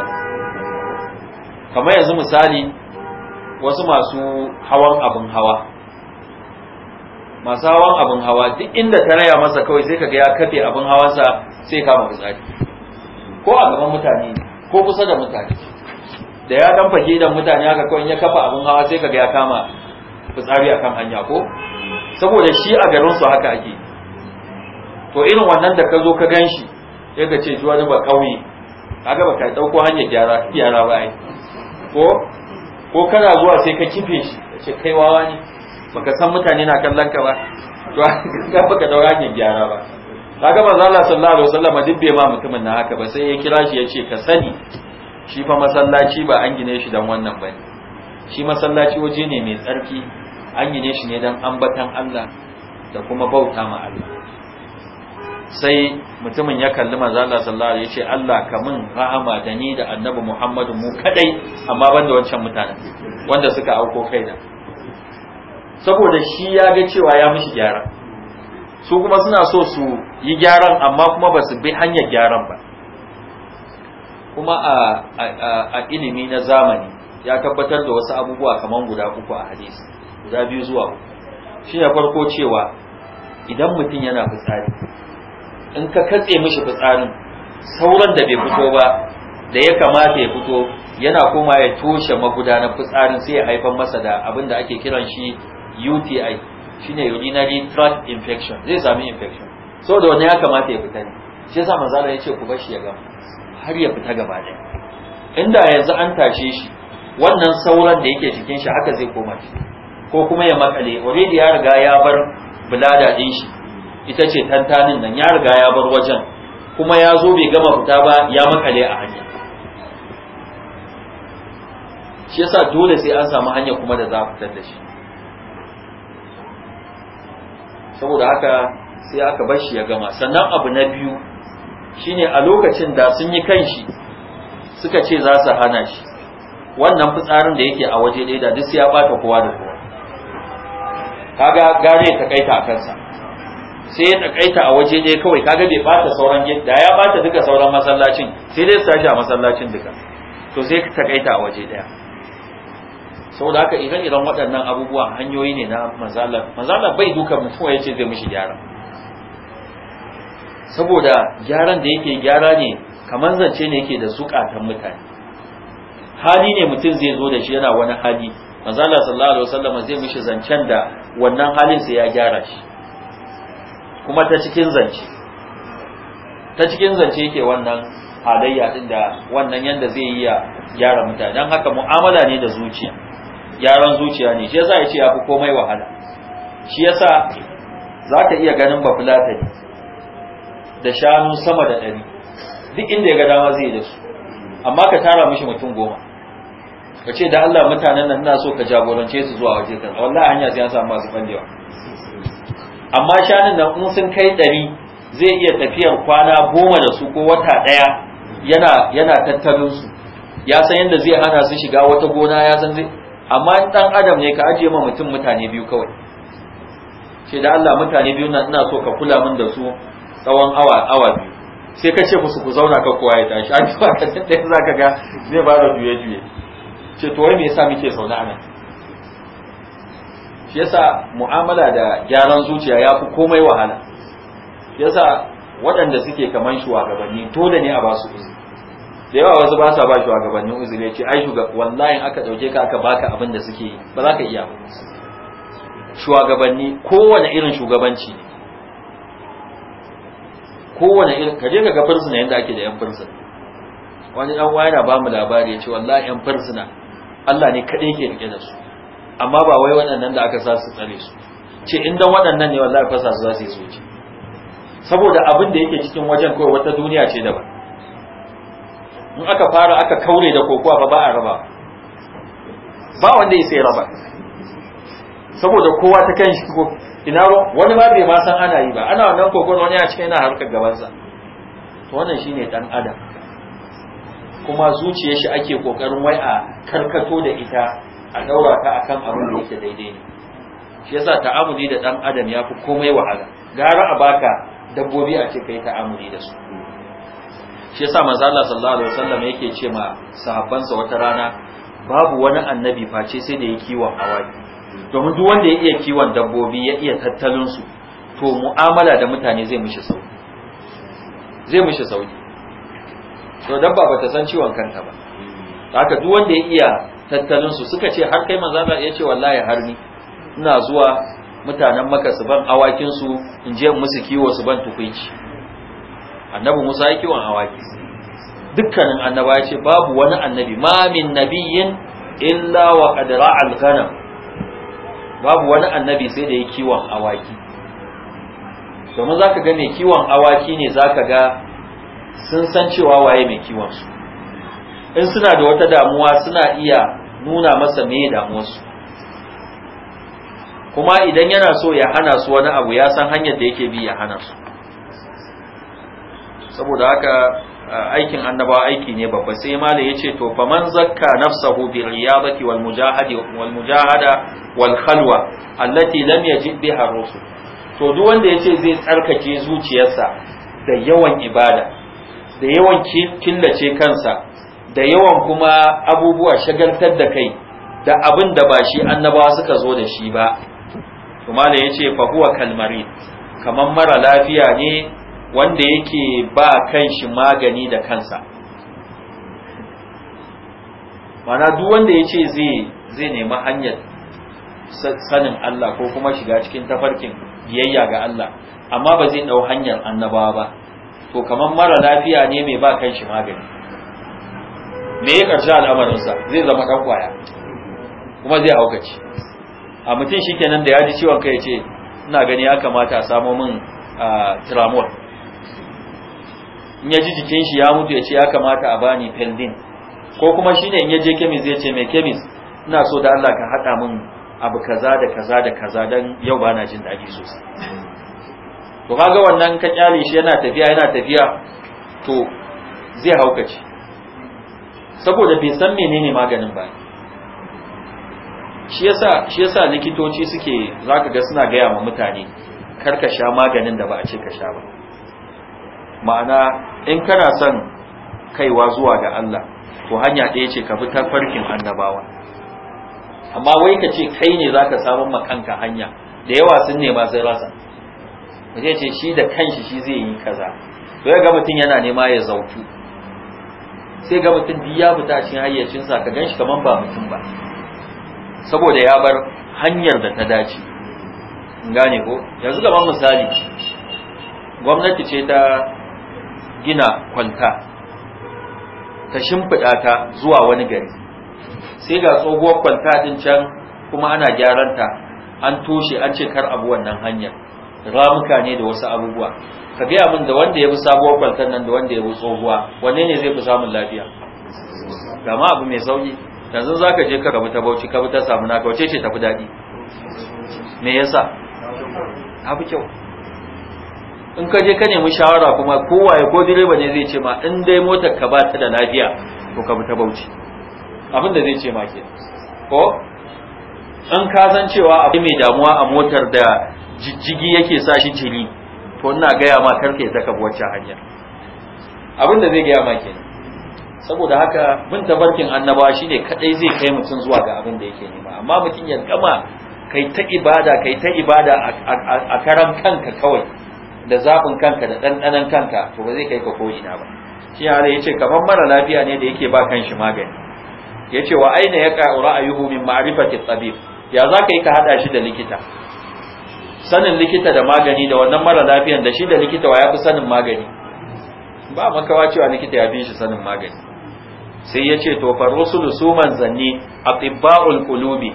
kamar yanzu misali wasu masu hawan abin hawa masu hawan abin hawa duk inda ta raya masa kawai sai ka ga ya kafe abin hawansa sai kama fitsari ko a gaban mutane ko kusa da mutane da ya dan fage da mutane haka kawai ya kafa abin hawa sai kaga ya kama fitsari akan hanya ko saboda shi a garin su haka ake to irin wannan da ka zo ka gan shi sai ka ce shi wani ba kauye kaga ba kai dauko hanya gyara gyara ba ai ko ko kana zuwa sai ka kife shi ka ce kai wawa ne baka san mutane na kallon ka ba to ka baka daura hanyar gyara ba kaga manzo Allah sallallahu alaihi wasallam duk bai ma mutumin na haka ba sai ya kira shi yace ka sani shi fa masallaci ba an gine shi dan wannan bane shi masallaci waje ne mai tsarki an gine shi ne dan ambatan Allah da kuma bauta ma Allah sai mutumin ya kalli manzo Allah sallallahu alaihi yace Allah ka min rahama da ni da annabi Muhammadu mu kadai amma banda wancan mutanen wanda suka auko kai da. saboda shi ya ga cewa ya mishi gyara su kuma suna so su yi gyaran amma kuma ba su bi hanyar gyaran ba kuma a ilimi na zamani ya tabbatar da wasu abubuwa kamar guda uku a hadisi guda biyu zuwa shi ne farko cewa idan mutum yana fitsari in ka katse mishi fitsarin sauran da bai fito ba da ya kamata ya fito yana koma ya toshe magudanar fitsarin sai ya haifar masa da abin da ake kiran shi UTI shine urinary tract infection zai sami infection saboda wani ya kamata ya fita ne shi yasa manzo ya ce ku bar shi ya gama har ya fita gaba ɗaya inda yanzu an tashe shi wannan sauran da yake cikin shi haka zai koma shi ko kuma ya makale already ya riga ya bar bulada din shi ita ce tantanin nan ya riga ya bar wajen kuma ya zo bai gama fita ba ya makale a hanya shi yasa dole sai an samu hanya kuma da za a fitar da shi saboda haka sai aka bar shi ya gama sannan abu na biyu shine a lokacin da sun yi kan shi suka ce za su hana shi wannan fitsarin da yake a waje ɗaya da duk sai ya ɓata kowa da kowa kaga gane ta kaita a kansa sai ya takaita a waje ɗaya kawai kaga bai bata sauran da ya bata duka sauran masallacin sai dai su tashi a masallacin duka to sai ka takaita a waje ɗaya saboda haka idan idan waɗannan abubuwa hanyoyi ne na mazalar mazalar bai dukan mutum ya ce zai mishi gyara saboda gyaran da yake gyara ne kamar zance ne yake da zukatan mutane hali ne mutum zai zo da shi yana wani hali mazalar sallallahu alaihi wasallam zai mishi zancen da wannan halin sai ya gyara shi kuma ta cikin zance ta cikin zance yake wannan halayya din da wannan yanda zai yi ya gyara mutane don haka mu'amala ne da zuciya Yaran zuciya ne shi yasa ya ce ya fi komai wahala shi yasa za ka iya ganin bafulatani da shanu sama da ɗari duk inda ya ga dama zai da su amma ka tara mishi mutum goma ka ce da Allah mutanen nan ina so ka jagorance su zuwa waje kaza wallahi hanya sai an samu masu bandewa amma shanun nan in sun kai ɗari zai iya tafiyar kwana goma da su ko wata ɗaya yana yana tattalin su ya san yadda zai hana su shiga wata gona ya san zai amma in dan adam ne ka ajiye ma mutum mutane biyu kawai sai da Allah mutane biyu na ina so ka kula min da su tsawon awa awa biyu sai ka ce musu ku zauna ka kowa ya tashi an ba ka tun ɗaya za ka ga zai ba da juye juye ce to wai me yasa muke zaune a shi yasa mu'amala da gyaran zuciya ya fi komai wahala shi yasa waɗanda suke kaman shugabanni dole ne a ba su izini da yawa wasu ba sa ba shugabannin uzuri ya ce ai wallahi aka dauke ka aka baka abin da suke yi ba za ka iya shugabanni kowane irin shugabanci ne kowane irin ka je ka ga fursuna yadda ake da yan fursuna wani dan waya na bamu labari ya ce wallahi yan fursuna Allah ne kadai ke rike da su amma ba wai waɗannan da aka sa su tsare su ce in dan waɗannan ne wallahi fasa su za su yi soji saboda abin da yake cikin wajen kawai wata duniya ce daban in aka fara aka kaure da kokowa ba ba a raba ba wanda ya sai raba saboda kowa ta kan shi ko ina wani ma bai ma san ana yi ba ana wannan kokon wani a cikin yana harkar gabansa to wannan shine dan adam kuma zuciyar shi ake kokarin wai a karkato da ita a daura ta akan abin da yake daidai ne shi yasa ta'amuli da dan adam yafi komai wahala gara a baka dabbobi a ce kai ta'amuli da su shi yasa manzo Allah sallallahu alaihi wasallam yake ce ma sahabbansa wata rana babu wani annabi face sai da ya kiwon awaki domin duk wanda ya iya kiwon dabbobi ya iya tattalin su to mu'amala da mutane zai mishi sauki zai mishi sauki to dabba ta san ciwon kanta ba haka duk wanda ya iya tattalin su suka ce har kai manzo Allah ya ce wallahi har ni ina zuwa mutanen maka su ban awakin su in je musu kiwo su ban tukunci. annabi Musa ya kiwon awaki dukkanin annaba ya ce babu wani annabi ma min nabiyyin illa wa qad ra'al babu wani annabi sai da ya kiwon awaki domin zaka ga mai kiwon awaki ne zaka ga sun san cewa waye mai kiwon su in suna da wata damuwa suna iya nuna masa me damuwarsu kuma idan yana so ya hana su wani abu ya san hanyar da yake bi ya hana su saboda haka uh, aikin annabawa aiki ne babba sai malam yace to faman zakka nafsahu bi riyadati wal mujahadi wal mujahada wal khalwa allati lam yajib biha rusul to duk wanda yace zai tsarkake zuciyarsa da yawan ibada da yawan killace kansa da yawan kuma abubuwa shagaltar da kai da abin da ba shi annabawa suka zo da shi ba to malam yace fa huwa kalmari kaman mara lafiya ne wanda yake ba shi magani da kansa mana duk wanda ya ce zai nemi hanyar sanin Allah ko kuma shiga cikin tafarkin biyayya ga Allah amma ba zai ɗau hanyar annabawa ba to kamar mara lafiya ne mai ba shi magani me ya ƙarshe al'amarinsa zai zama ɗan kwaya kuma zai haukaci a mutum shi kenan da ya ji ciwon kai ya ce ina gani ya kamata a samo min ah, tramol in ya ji jikin shi ya mutu ya ce ya kamata a bani feldin ko kuma shine in ya je kemis ya ce mai kemis ina so da Allah ka haɗa min abu kaza da kaza da kaza don yau bana jin daɗi sosai to kaga wannan ka kyale shi yana tafiya yana tafiya to zai haukace saboda bai san menene maganin ba shi yasa shi yasa likitoci suke zaka ga suna gaya ma mutane kar ka sha maganin da ba a ce ka sha ba ma'ana in kana son kaiwa zuwa ga Allah ko hanya ɗaya ce ka bi ta farkin annabawa amma wai ka ce kai ne zaka samu makanka hanya da yawa sun nema sai rasa mutum ce shi da kanshi shi zai yi kaza to ya ga mutum yana nema ya zautu sai ga mutum duk ya fita a cikin hayyacinsa ka ganshi kaman ba mutum ba saboda ya bar hanyar da ta dace gane ko yanzu gaban misali gwamnati ce ta gina kwanta ta shimfiɗa ta zuwa wani gari sai ga tsohuwar kwanta ɗin can kuma ana gyaran ta an toshe an ce kar abu wannan hanyar ramuka ne da wasu abubuwa ka gaya min da wanda ya fi sabuwar kwantar nan da wanda ya bi tsohuwa wanne ne zai fi samun lafiya gama abu mai sauki yanzu za ka je ka rabu ta bauchi ka bi ta samu naka wace ce tafi daɗi me yasa abu kyau in ka je ka nemi shawara kuma kowaye ko direba ne zai ce ma in dai motar ka ba ta da lafiya to ka ta bauchi abin da zai ce ma ke ko in ka san cewa abu mai damuwa a motar da jijjigi yake sa shi jiri to ina gaya ma karka ya taka wacce hanya abin da zai gaya ma kenan saboda haka bin tabarkin annabawa shine kadai zai kai mutum zuwa ga abin da yake nema amma mutum ya gama kai ta ibada kai ta ibada a karan kanka kawai da zafin kanka da ɗanɗanan kanka to ba zai kai ka ko'ina ba shi hada ya ce kamar mara lafiya ne da yake ba kan shi magani ya ce wa aina ya ƙa'ura a yuhu min ma'arifatin tsabib ya za ka yi ka haɗa shi da likita sanin likita da magani da wannan mara lafiyan da shi da likita wa ya fi sanin magani ba makawa cewa likita ya fi shi sanin magani sai ya ce to fa rusulu su manzanni atibba'ul qulubi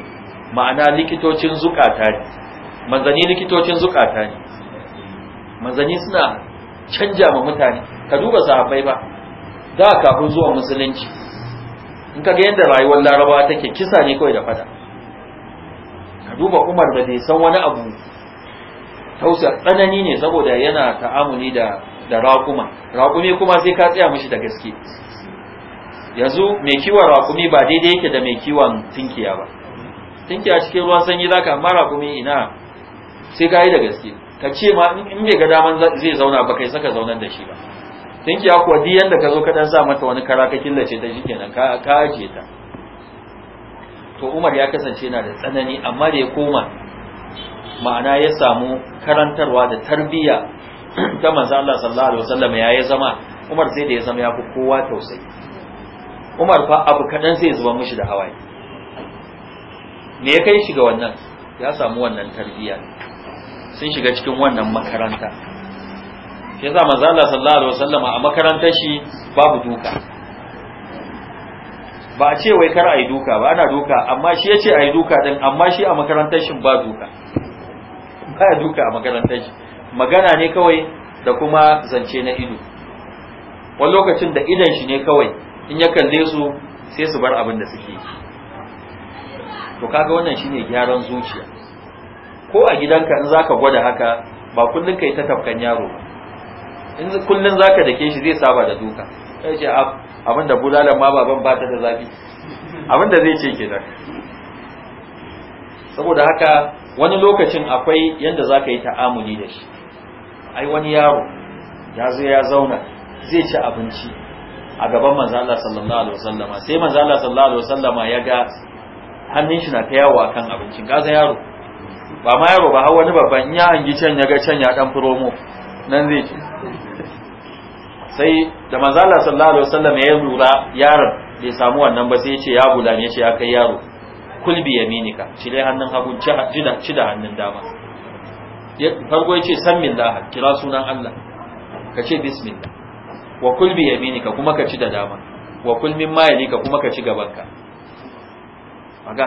ma'ana likitocin zukata ne manzanni likitocin zukata ne manzanni suna canja ma mutane ka duba sahabbai ba da kafin zuwa musulunci in ka ga yadda rayuwar laraba take kisa ne kawai da fada ka duba umar da bai san wani abu tausa tsanani ne saboda yana ta'amuli da da raƙuma raƙumi kuma sai ka tsaya mishi da gaske yanzu mai kiwon raƙumi ba daidai yake da mai kiwon tinkiya ba tinkiya cikin ruwan sanyi zaka amma raƙumi ina sai ka yi da gaske ka ce ma in bai ga daman zai zauna ba kai saka zaunar da shi ba tunkiya kuwa duk yadda ka zo ka dan sa mata wani kara ka killace ta shi kenan ka ajiye ta to Umar ya kasance na da tsanani amma da ya koma ma'ana ya samu karantarwa da tarbiyya ta manzo Allah sallallahu alaihi wasallam ya yi zama Umar sai da ya zama ya fi kowa tausayi Umar fa abu kadan sai zuba mishi da hawaye me ya kai shi ga wannan ya samu wannan tarbiyya sun shiga cikin wannan makaranta ya sa manzo Allah sallallahu alaihi wasallama a makarantar shi babu duka ba a ce wai kar a yi duka ba ana duka amma shi ya ce a yi duka din amma shi a makarantar shi ba duka ba ya duka a makarantar shi magana ne kawai da kuma zance na ido wani lokacin da idan shi ne kawai in ya kalle su sai su bar abin da suke to kaga wannan shine gyaran zuciya ko a gidanka in zaka gwada haka ba kullun kai ta tafkan yaro ba. in kullun zaka dake shi zai saba da duka sai ce abin da bulalan ma baban ba ta da zafi abin da zai ce kenan saboda haka wani lokacin akwai yanda zaka yi ta'amuli da shi ai wani yaro ya zo ya zauna zai ci abinci a gaban manzo Allah sallallahu alaihi wasallama sai manzo Allah sallallahu alaihi wasallama ya ga hannun shi na ta yawo akan abincin gaza yaro ba ma yaro ba har wani babban ya hangi can ya ga can ya dan promo nan zai ce sai da manzala sallallahu alaihi wasallam ya lura yaron bai samu wannan ba sai ya ce ya gulam shi ce ya kai yaro kulbi yaminika cire hannun hagu ci da hannun dama farko ya ce san min laha kira sunan Allah ka ce bismillah wa kulbi yaminika kuma ka ci da dama wa kulmin mayalika kuma ka ci gabanka aga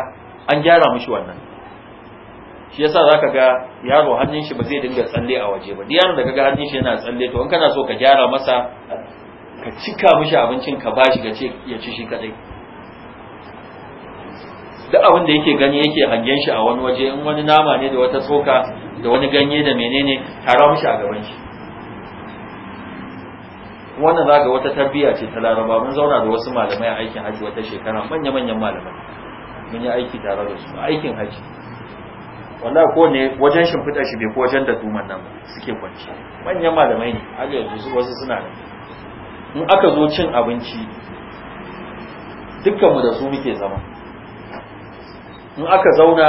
an gyara mushi wannan shi yasa ka ga yaro hannun shi ba zai dinga tsalle a waje ba duk yaron da ka ga hannun shi yana tsalle to in kana so ka gyara masa ka cika mishi abincin ka bashi ka ce ya ci shi kadai duk abin da yake gani yake hangen shi a wani waje in wani nama ne da wata tsoka da wani ganye da menene tara mishi a gaban shi wannan zaga wata tarbiyya ce ta laraba mun zauna da wasu malamai a aikin haji wata shekara manya-manyan malamai mun yi aiki tare da su aikin haji wanda ne wajen shimfiɗa shi bai ko wajen da duman nan suke kwanci manyan malamai ne har yanzu wasu suna nan in aka zo cin abinci dukkanmu da su muke zama in aka zauna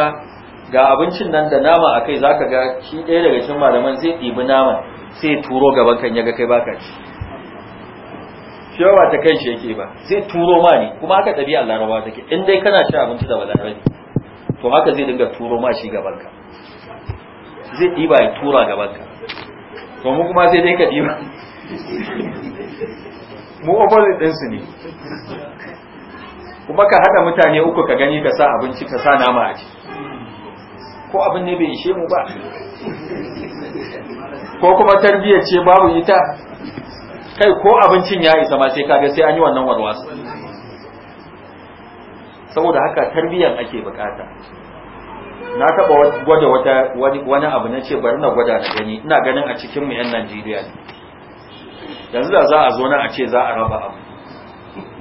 ga abincin nan da nama a kai zaka ga shi ɗaya daga cikin malaman zai ɗibi nama sai turo gaban kan yaga kai baka ci shi ba ta kai shi yake ba zai turo ma ne kuma aka ɗabi'a larabawa take in dai kana cin abinci da balarabe to haka zai dinga turo ma shi gabanka zai ɗiba ya tura gabanka to mu kuma sai dai ka ɗiba mu opposite ɗinsu ne kuma ka haɗa mutane uku ka gani ka sa abinci ka sa nama a ci ko abin ne bai ishe mu ba ko kuma tarbiyyar ce babu ita kai ko abincin ya isa ma sai kaga sai an yi wannan warwasa saboda haka tarbiyan ake bukata na taba gwada wata wani abu na ce bari na gwada na gani ina ganin a cikin mu yan Najeriya yanzu da za a zo na a ce za a raba abu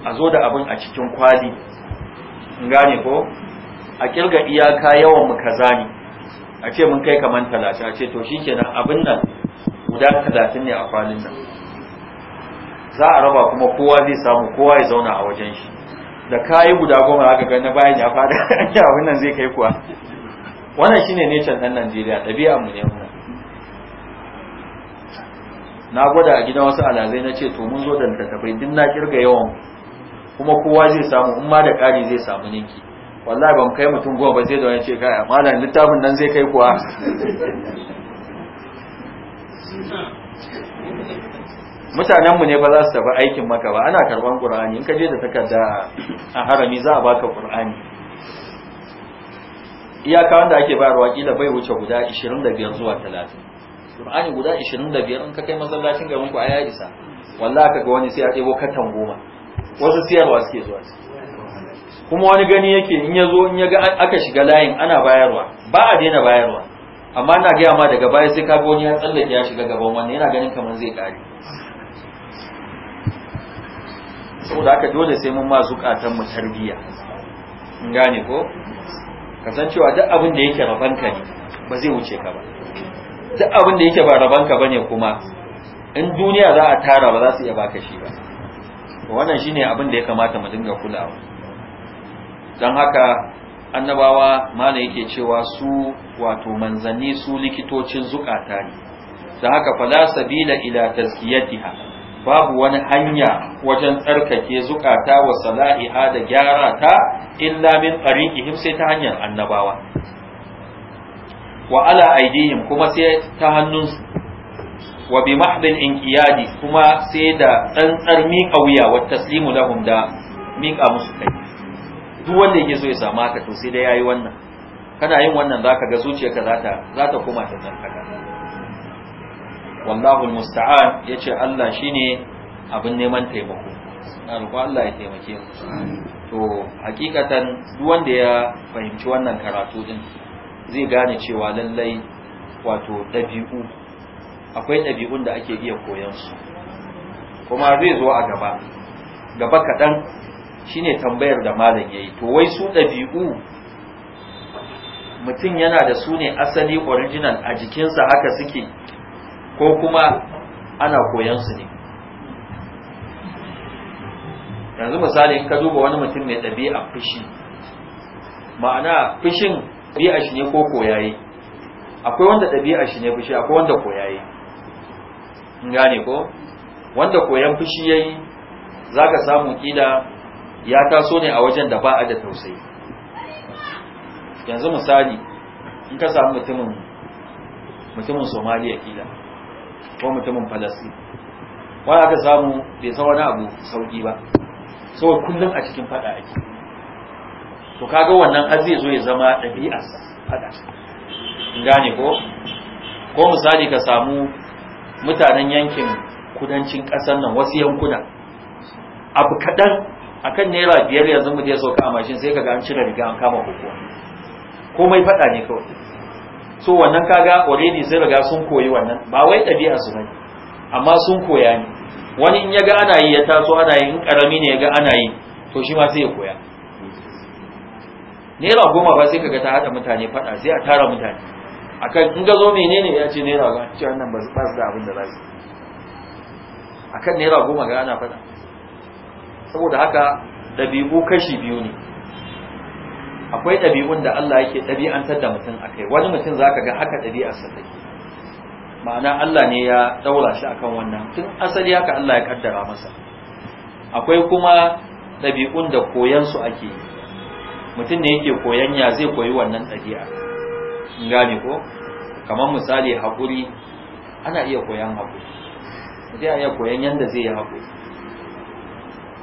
a zo da abin a cikin kwali in gane ko a kirga iyaka yawan mu kaza ne a ce mun kai kaman 30 a ce to shikenan abin nan guda 30 ne a kwalin nan za a raba kuma kowa zai samu kowa ya zauna a wajen shi da kayi guda goma aka gani bayan ya fada ake abin nan zai kai kuwa wannan shine can ɗan Najeriya ɗabi'a mu ne muna na gwada a gidan wasu alazai na ce to mun zo da littattafai din na kirga yawan kuma kowa zai samu in ma da ƙari zai samu ninki wallahi ban kai mutum goma ba zai da wani ce kai amma da littafin nan zai kai kuwa mutanen mu ne ba za su tafi aikin maka ba ana karban qur'ani. in ka je da takarda a harami za a baka ƙur'ani iyaka wanda ake bayarwa kila bai wuce guda 25 zuwa 30 Qur'ani guda 25 in ka kai masallacin garin ku a isa wallahi kaga wani sai a ɗebo katan goma wasu siyarwa suke zuwa kuma wani gani yake in yazo in ya ga aka shiga layin ana bayarwa ba a daina bayarwa amma ina gaya ma daga baya sai kaga wani ya tsallake ya shiga gaban wannan yana ganin kamar zai kare saboda haka dole sai mun ma zukatan mu tarbiya in gane ko kasancewa duk abin da yake rabanka ne ba zai wuce ka ba duk abin da yake ba rabanka bane kuma in duniya za a tara ba za su iya baka shi ba wannan shine abin da ya kamata mu dinga kulawa don haka annabawa mana yake cewa su wato manzanni su likitocin zukata ne don haka fala sabila ila tazkiyatiha babu wani hanya wajen tsarkake zukata wa sala'iha da gyara ta illa min tsariƙihim sai ta hanyar annabawa wa ala aidihim kuma sai ta hannunsu wa bi mahdin inqiyadi kuma sai da tsantsar miƙa wuya wa taslimu lahum da miƙa musu kai duk wanda yake so ya samu haka to sai da yayi wannan kana yin wannan zaka ga zuciyarka za ta za ta koma ta tsarkaka wallahu musta'an yace Allah shine abin neman taimako na roƙo Allah ya taimake mu to hakikatan duk wanda ya fahimci wannan karatu din zai gane cewa lallai wato dabi'u akwai dabi'un da ake iya koyon su kuma zai zo a gaba gaba kaɗan shine tambayar da malam yayi to wai su ɗabi'u mutum yana da su ne asali original a jikinsa haka suke ko kuma ana koyan su ne yanzu misali in ka duba wani mutum mai ɗabi'a fushi ma'ana fushin ɗabi'a shi ne ko koyaye akwai wanda ɗabi'a shi ne fushi akwai wanda koyaye in gane ko wanda koyan fushi za ka samu kila ya taso ne a wajen da ba a da tausayi yanzu misali in ka samu mutumin mutumin Somaliya kila ko mutumin falastin wani aka samu bai san wani abu sauki ba saboda kullum a cikin fada ake to kaga wannan har zai zo ya zama ɗabi'arsa fada gane ko ko misali ka samu mutanen yankin kudancin ƙasar nan wasu yankuna abu kaɗan akan naira biyar yanzu mu je sauka a mashin sai ga an cire riga an kama kokowa komai fada ne kawai so wannan kaga already sai riga sun koyi wannan ba wai ɗabi'a su bane amma sun koya ne wani in yaga ana yi ya taso ana yi in karami ne yaga ana yi to shi ma sai ya koya naira goma ba sai kaga ta hada mutane fada sai a tara mutane akan in ga zo menene ya ce naira ba ce wannan ba su da abin da za su akan naira goma ga ana fada saboda haka ɗabi'u kashi biyu ne akwai ɗabi'un da Allah yake ɗabi'antar da mutum kai wani mutum za ka ga haka ɗabi'arsa take ma'ana Allah ne ya daura shi akan wannan tun asali haka Allah ya kaddara masa akwai kuma ɗabi'un da koyan su ake yi mutum ne yake koyan ya zai koyi wannan ɗabi'a gane ko kamar misali haƙuri ana iya koyan haƙuri mutum yana iya koyan yadda zai yi haƙuri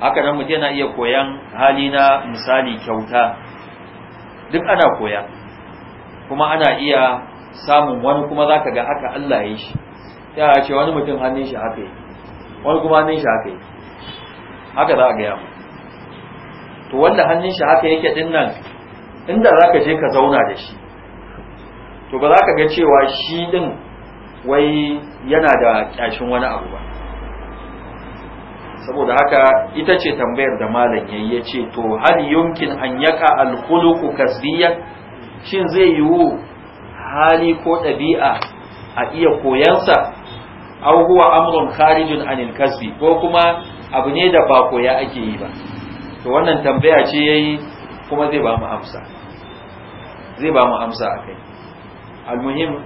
haka nan mutum yana iya koyan hali na misali kyauta duk ana koya kuma ana iya samun wani kuma za ka ga haka Allah ya yi shi ya ce wani mutum hannun shi haka yi wani kuma hannun shi haka yi haka za a gaya mu to wanda hannun shi haka yake din nan inda za ka je ka zauna da shi to ba za ka ga cewa shi din wai yana da kyashin wani abu ba saboda haka ita ce tambayar da malam yayi yace to har yumkin an yaka ku kasbiyan shin zai yiwu hali ko ɗabi'a a iya koyansa aw huwa amrun kharijun anil kasbi ko kuma abu ne da ba koya ake yi ba to wannan tambaya ce yayi kuma zai ba mu amsa zai ba mu amsa akai almuhim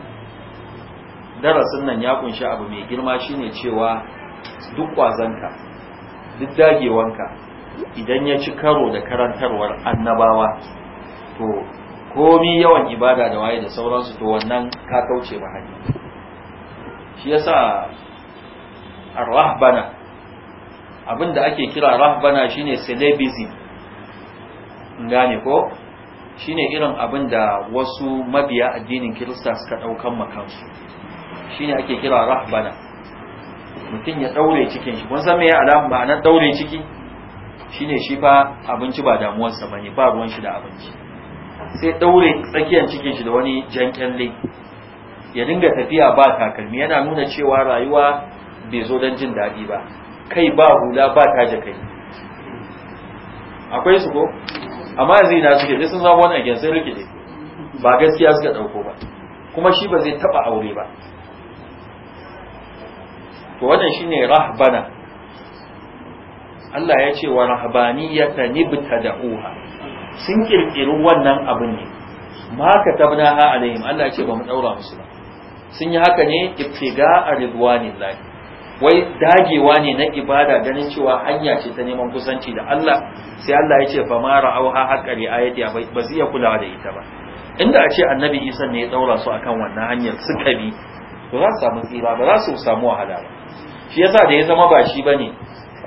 darasin nan ya kunshi abu mai girma shine cewa duk kwazanka duk dagewanka idan ya ci karo da karantarwar annabawa to komi yawan ibada da waye da sauransu to wannan ka kauce ba hanya shi yasa ar abin da ake kira rahbana shine celebrity gane ko shine irin abin da wasu mabiya addinin kirista suka daukan makansu shine ake kira rahbana mutum ya daure cikin shi san me ya alamu ba nan daure ciki shine shi fa abinci ba damuwarsa ne, ba ruwan shi da abinci sai daure tsakiyar cikin shi da wani jan kyalle ya dinga tafiya ba takalmi yana nuna cewa rayuwa bai zo don jin daɗi ba kai ba hula ba taje kai akwai su ko amma yanzu ina suke dai sun zama wani agen sai rikide ba gaskiya suka ɗauko ba kuma shi ba zai taɓa aure ba to wannan shine rahbana Allah ya ce wa rahbaniyata nibtada'uha sun kirkiri wannan abin ne ma ha alaihim Allah ya ce ba mu daura musu ba sun yi haka ne ibtiga ridwanillahi wai dagewa ne na ibada ganin cewa hanya ce ta neman kusanci da Allah sai Allah ya ce fa ma ra'auha haqqa ayati ba zai kula da ita ba inda a ce annabi Isa ne ya daura su akan wannan hanyar suka bi ba za su samu tsira ba za su samu wahala ba shi yasa da ya zama ba shi bane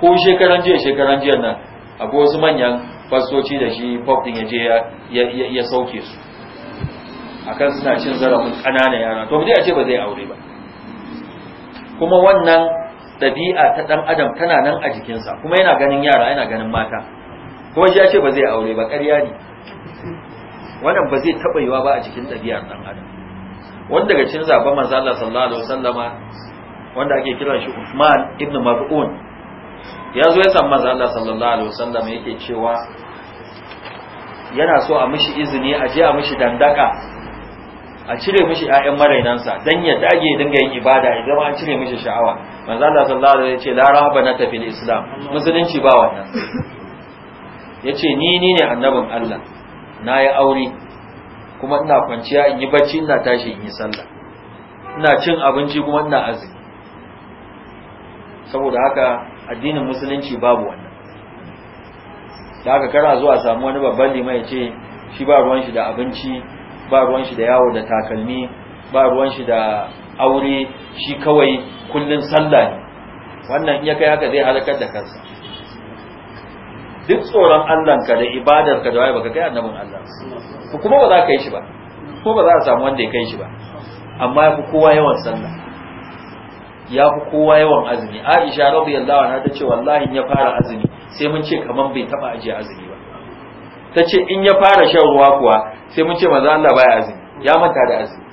ko shekaran jiya shekaran jiya nan akwai wasu manyan fastoci da shi pop din ya je ya sauke su akan suna cin zarafin ƙananan yara to a ce ba zai aure ba kuma wannan ɗabi'a ta ɗan adam tana nan a jikinsa kuma yana ganin yara yana ganin mata kuma shi ya ce ba zai aure ba ƙarya ne wannan ba zai taɓa yiwa ba a cikin ɗabi'ar ɗan adam wanda daga cin zaɓen manzo Allah sallallahu alaihi wasallama wanda ake kiran shi Uthman ibn Mar'un ya zo ya samu manzo Allah sallallahu alaihi wasallam yake cewa yana so a mishi izini a je a mishi dandaka a cire mishi ƴaƴan marainansa dan ya dage dinga yin ibada idan an cire mishi sha'awa manzo Allah sallallahu alaihi wasallam ya ce la tafi fil islam musulunci ba wannan yace ni ni ne annabin Allah na yi aure kuma ina kwanciya in yi bacci ina tashi in yi sallah ina cin abinci kuma ina azumi saboda haka addinin musulunci babu wannan da haka kara zuwa samu wani babban liman ya ce shi ba ruwan shi da abinci ba ruwan shi da yawo da takalmi ba ruwan shi da aure shi kawai kullun sallah ne wannan iya kai haka zai halakar da kansa duk tsoron Allahnka da ibadarka da waye baka kai annabin Allah kuma ba za ka yi shi ba ko ba za a samu wanda ya kai shi ba amma ya kowa yawan sallah ya fi kowa yawan azumi aisha radiyallahu anha ta ce wallahi ya fara azumi sai mun ce kaman bai taba ajiye azumi ba ta ce in ya fara shan ruwa kuwa sai mun ce manzo Allah baya azumi ya manta da azumi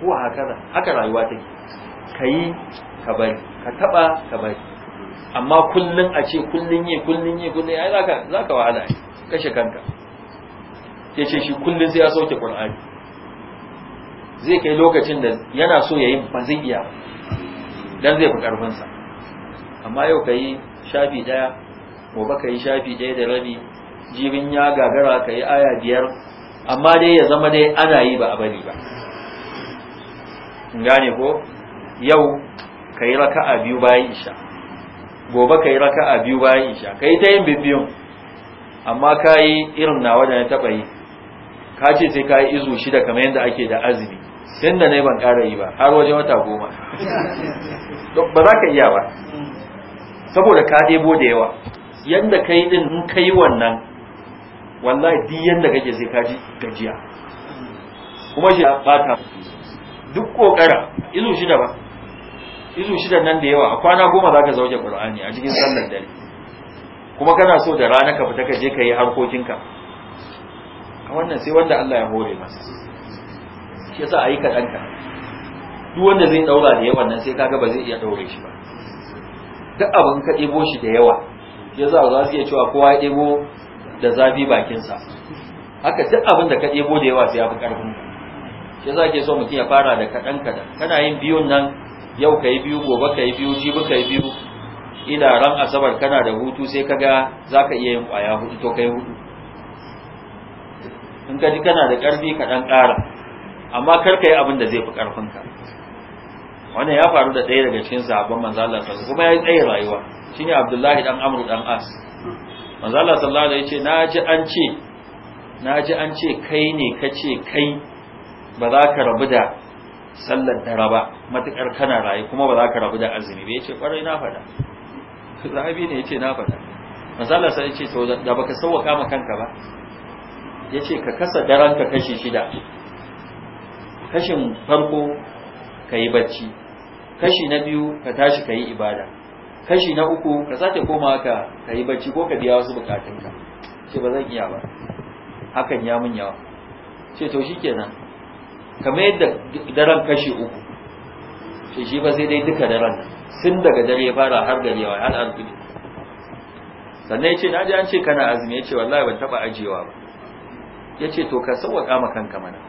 ko haka haka rayuwa take kai ka bari ka taba ka bari amma kullun a ce kullun yi kullun yi kullun yi zaka zaka wahala kashe kanka yace shi kullun sai ya sauke qur'ani zai kai lokacin da yana so yayi ba zai iya dan zai fi karfinsa amma yau ka yi shafi ɗaya gobe ka yi shafi ɗaya da rabi jibin ya gagara ka yi aya biyar amma dai ya zama dai ana yi ba a bari ba gane ko yau ka yi raka'a biyu bayan isha gobe ka yi raka'a biyu bayan isha ka yi ta yin bibbiyun amma ka yi irin nawa da na taɓa yi ka ce sai ka yi izu shida kamar yadda ake da azumi tun da ban ƙara yi ba har waje wata goma ba za ka iya ba saboda ka debo da yawa yadda ka yi ɗin in ka yi wannan wallahi duk yadda kake sai ka ji gajiya kuma shi bata duk ƙoƙara izu shida ba izu shida nan da yawa a kwana goma za ka zauje qurani a cikin sallar dare kuma kana so da rana ka fita ka je ka yi harkokinka a wannan sai wanda Allah ya hore masa shi yasa a yi kaɗan kaɗan duk wanda zai ɗaura da yawan nan sai kaga ba zai iya ɗaure shi ba duk abin ka ɗebo shi da yawa ya yasa za su iya cewa kowa ya ɗebo da zafi bakinsa haka duk abin da ka ɗebo da yawa sai ya fi ƙarfin ya yasa ke so mutum ya fara da kaɗan kaɗan kana yin biyun nan yau ka yi biyu gobe ka yi biyu jibi ka yi biyu ina ran asabar kana da hutu sai ka ga za ka iya yin ƙwaya hudu to ka yi hudu in ka ji kana da ƙarfi ka ƙara amma kar ka yi abin da zai fi ka. wannan ya faru da ɗaya daga cikin sahabban manzo Allah sallallahu kuma ya yi tsaye rayuwa shine Abdullahi dan Amr dan As manzo Allah sallallahu alaihi na naji an ce naji an ce kai ne kace kai ba za ka rabu da sallar dare ba matukar kana rayi kuma ba za ka rabu da azumi ba yace kwarai na faɗa sahabi ne yace na faɗa manzo Allah sai yace to da baka sauka ma kanka ba yace ka kasa daren ka kashi shida kashin farko ka yi bacci kashi na biyu ka tashi ka yi ibada kashi na uku ka sake koma ka ka yi bacci ko ka biya wasu bukatunka ce ba zan iya ba hakan ya mun yawa ce to shikenan kamar yadda daren kashi uku ce shi ba sai dai duka daren sun daga dare ya fara har gari yawa har arziki sannan ya ce na ji an ce kana azumi ya ce wallahi ban taba ajiyewa ba ya ce to ka sauwaƙa ma kanka mana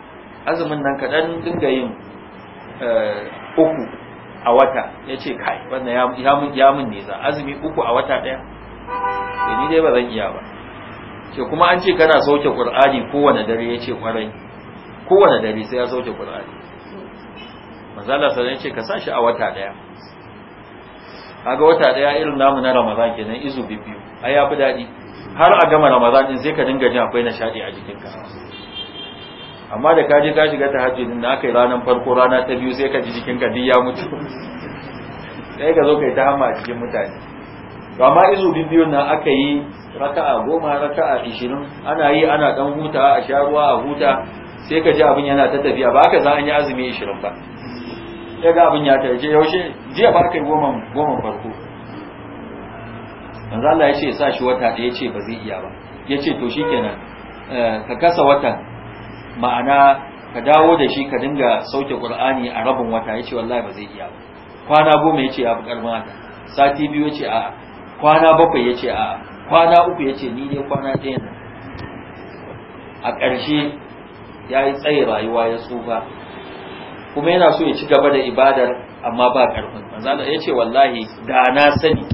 azumin nan kaɗan dinga yin eh, uku a wata ya ce kai wannan ya mun nisa azumi uku a wata ɗaya to ni dai ba zan iya ba Ke kuma an ce kana sauke qur'ani kowane dare ya ce ƙwarai kowane dare sai ya sauke ƙur'ani sai ya ce ka sa shi a wata ɗaya kaga wata ɗaya irin namu na ramadan kenan izu biyu ai ya fi daɗi har a gama ramadan din sai ka dinga jin akwai nishaɗi a jikinka amma da kaje ka shiga ta din na kai ranar farko rana ta biyu sai ka ji jikin ka ya mutu sai ka zo kai ta hama a cikin mutane to amma izu biyu nan aka yi raka'a goma raka'a ishirin ana yi ana dan huta a sha ruwa a huta sai ka ji abin yana ta tafiya ba haka za an yi azumi ishirin ba sai ga abin ya tafi. yaushe jiya ba kai goma goma farko manzo Allah ya ce sa shi wata da ya ce ba zai iya ba ya ce to shikenan eh, ka kasa watan ma'ana ka dawo da shi ka dinga sauke qur'ani a rabin wata yace wallahi ba zai iya ba kwana goma yace ya fi karma haka sati biyu yace a kwana bakwai yace a kwana uku yace ni dai kwana ɗaya ne a ƙarshe ya yi tsaye rayuwa ya tsufa kuma yana so ya ci gaba da ibadar amma ba ƙarfin manzo Allah yace wallahi da na sani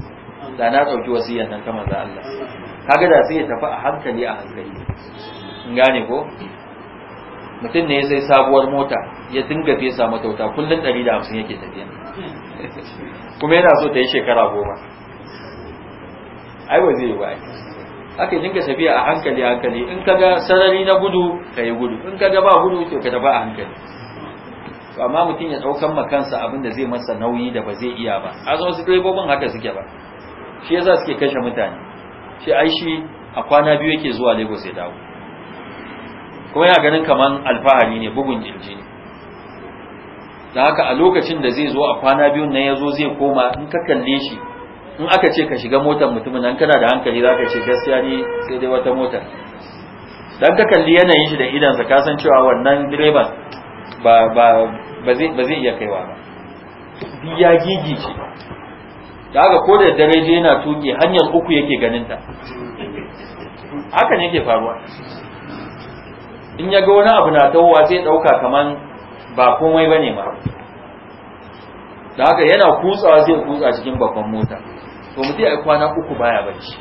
da na ɗauki wasiyar nan ta manzo Allah kaga da sai ya tafi a hankali a hankali gane ko mutum ne sai sabuwar mota ya dinga fesa mata wuta kullum 150 yake tafiya kuma yana so ta yi shekara goma ai ba zai yi ba aka dinga tafiya a hankali hankali in ka ga sarari na gudu ka yi gudu in ka ga ba gudu to ka tafi a hankali to amma mutum ya ɗaukan ma kansa abin da zai masa nauyi da ba zai iya ba a zama su direbobin haka suke ba shi yasa suke kashe mutane shi ai shi a kwana biyu yake zuwa Lagos ya dawo kuma yana ganin kaman alfahari ne bugun jinji ne da haka a lokacin da zai zo a kwana biyun nan ya zo zai koma in ka kalle shi in aka ce ka shiga motar mutumin nan kana da hankali za ka ce gaskiya ne sai dai wata motar dan ka kalli yanayin shi da idansa ka san cewa wannan direban ba ba ba zai ba zai iya kaiwa ba bi ya ce. da haka ko da dare yana tuki hanyar uku yake ganin ta hakan yake faruwa in ya ga wani abu na tawowa zai ɗauka kaman ba komai ba ne ma da haka yana kutsawa zai kutsa cikin babban mota to mutum ya kwana uku baya bacci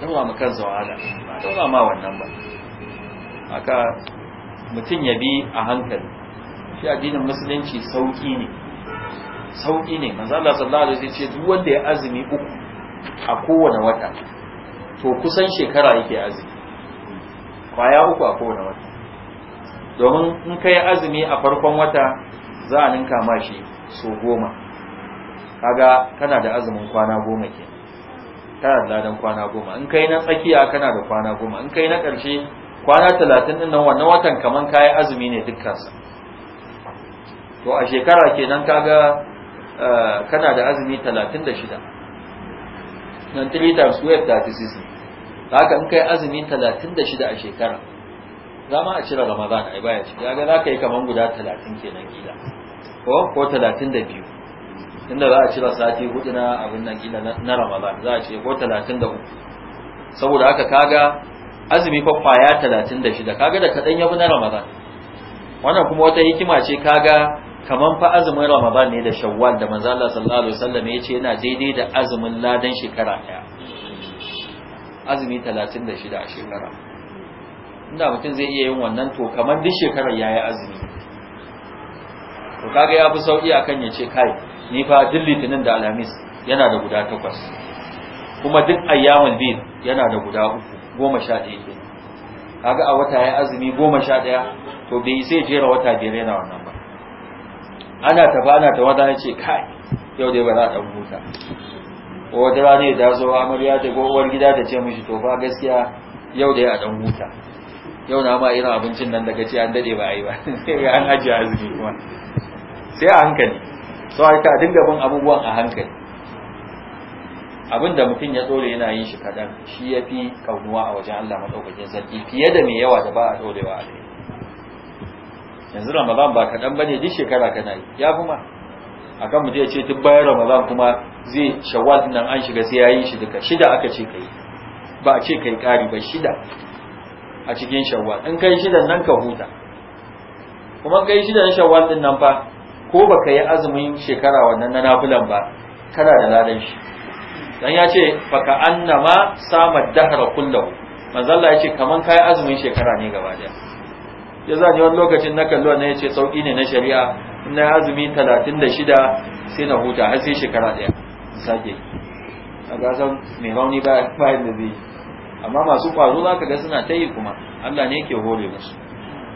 don wa mukan zawala ba don ma wannan ba haka mutum ya bi a hankali shi addinin musulunci sauki ne sauki ne manzo Allah sallallahu alaihi wasallam ya ce duk wanda ya azumi uku a kowane wata to kusan shekara yake azumi kwaya uku a kowane wata domin in ka yi azumi a farkon wata za a ninka mashi so goma kaga kana da azumin kwana goma ke kana da ladan kwana goma in ka yi na tsakiya kana da kwana goma in ka yi na ƙarshe kwana talatin ɗin nan wannan watan kaman ka yi azumi ne dukkansa to a shekara kenan kaga eh, kana da azumi talatin da shida nan 3 times 12 36 haka in kai azumi 36 a shekara za ma a cire ramadan ai baya ci ga za ka yi kaman guda 30 kenan kila ko ko 32 inda za a cire sati hudu na abin nan kila na ramadan za a ce ko 33 saboda haka kaga azumi fa kwaya 36 kaga da kadan yabu na ramadan wannan kuma wata hikima ce kaga kaman fa azumin ramadan ne da shawwal da manzo Allah sallallahu alaihi wasallam ce yana daidai da azumin ladan shekara daya azumi 36 a shekara inda mutum zai iya yin wannan to kamar duk shekarar yayi azumi to kaga ya fi sauki akan ya ce kai ni fa duk litinin da alhamis yana da guda takwas kuma duk ayyamul bid yana da guda uku goma sha ɗaya ke kaga a wata ya azumi goma sha ɗaya to bai sai jera wata biyar yana wannan ba ana tafa ana tafa da ce kai yau dai ba za a ɗan huta ko wata rana ya dazo amarya ta ko uwar gida ta ce mishi to fa gaskiya yau da ya dan huta yau na ma irin abincin nan daga ce an dade ba yi ba ga an ajiye azumi kuma sai a hankali so ka dinga bin abubuwan a hankali abinda mutum ya tsore yana yin shi kadan shi ya fi kaunuwa a wajen Allah madaukakin sarki fiye da mai yawa da ba a tsorewa a yanzu ramadan ba kadan bane duk shekara kana yi ya fi ma akan mutum ya ce duk bayan ramadan kuma zai shawwal nan an shiga sai yayin shi duka shida aka ce kai ba a ce kai kari ba shida a cikin shawwal in kai shidan nan ka huta kuma kai shidan shawwal din nan fa ko baka yi azumin shekara wannan na nafilan ba kana da ladan shi dan ya ce faka annama sama dahra kullahu manzo Allah ya ce kaman kai azumin shekara ne gaba daya ya zani wani lokacin na kallo ne yace ce sauki ne na shari'a in na azumi 36 sai na huta har sai shekara daya sake a gasar mai rauni bayan da zai amma masu kwazo za ka ga suna ta yi kuma Allah ne ke hore musu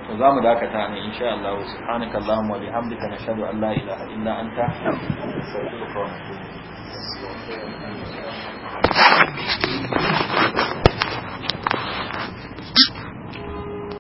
to za mu dakata ne insha Allah subhanaka Allahumma wa bihamdika nashhadu an la ilaha illa anta astaghfiruka wa atubu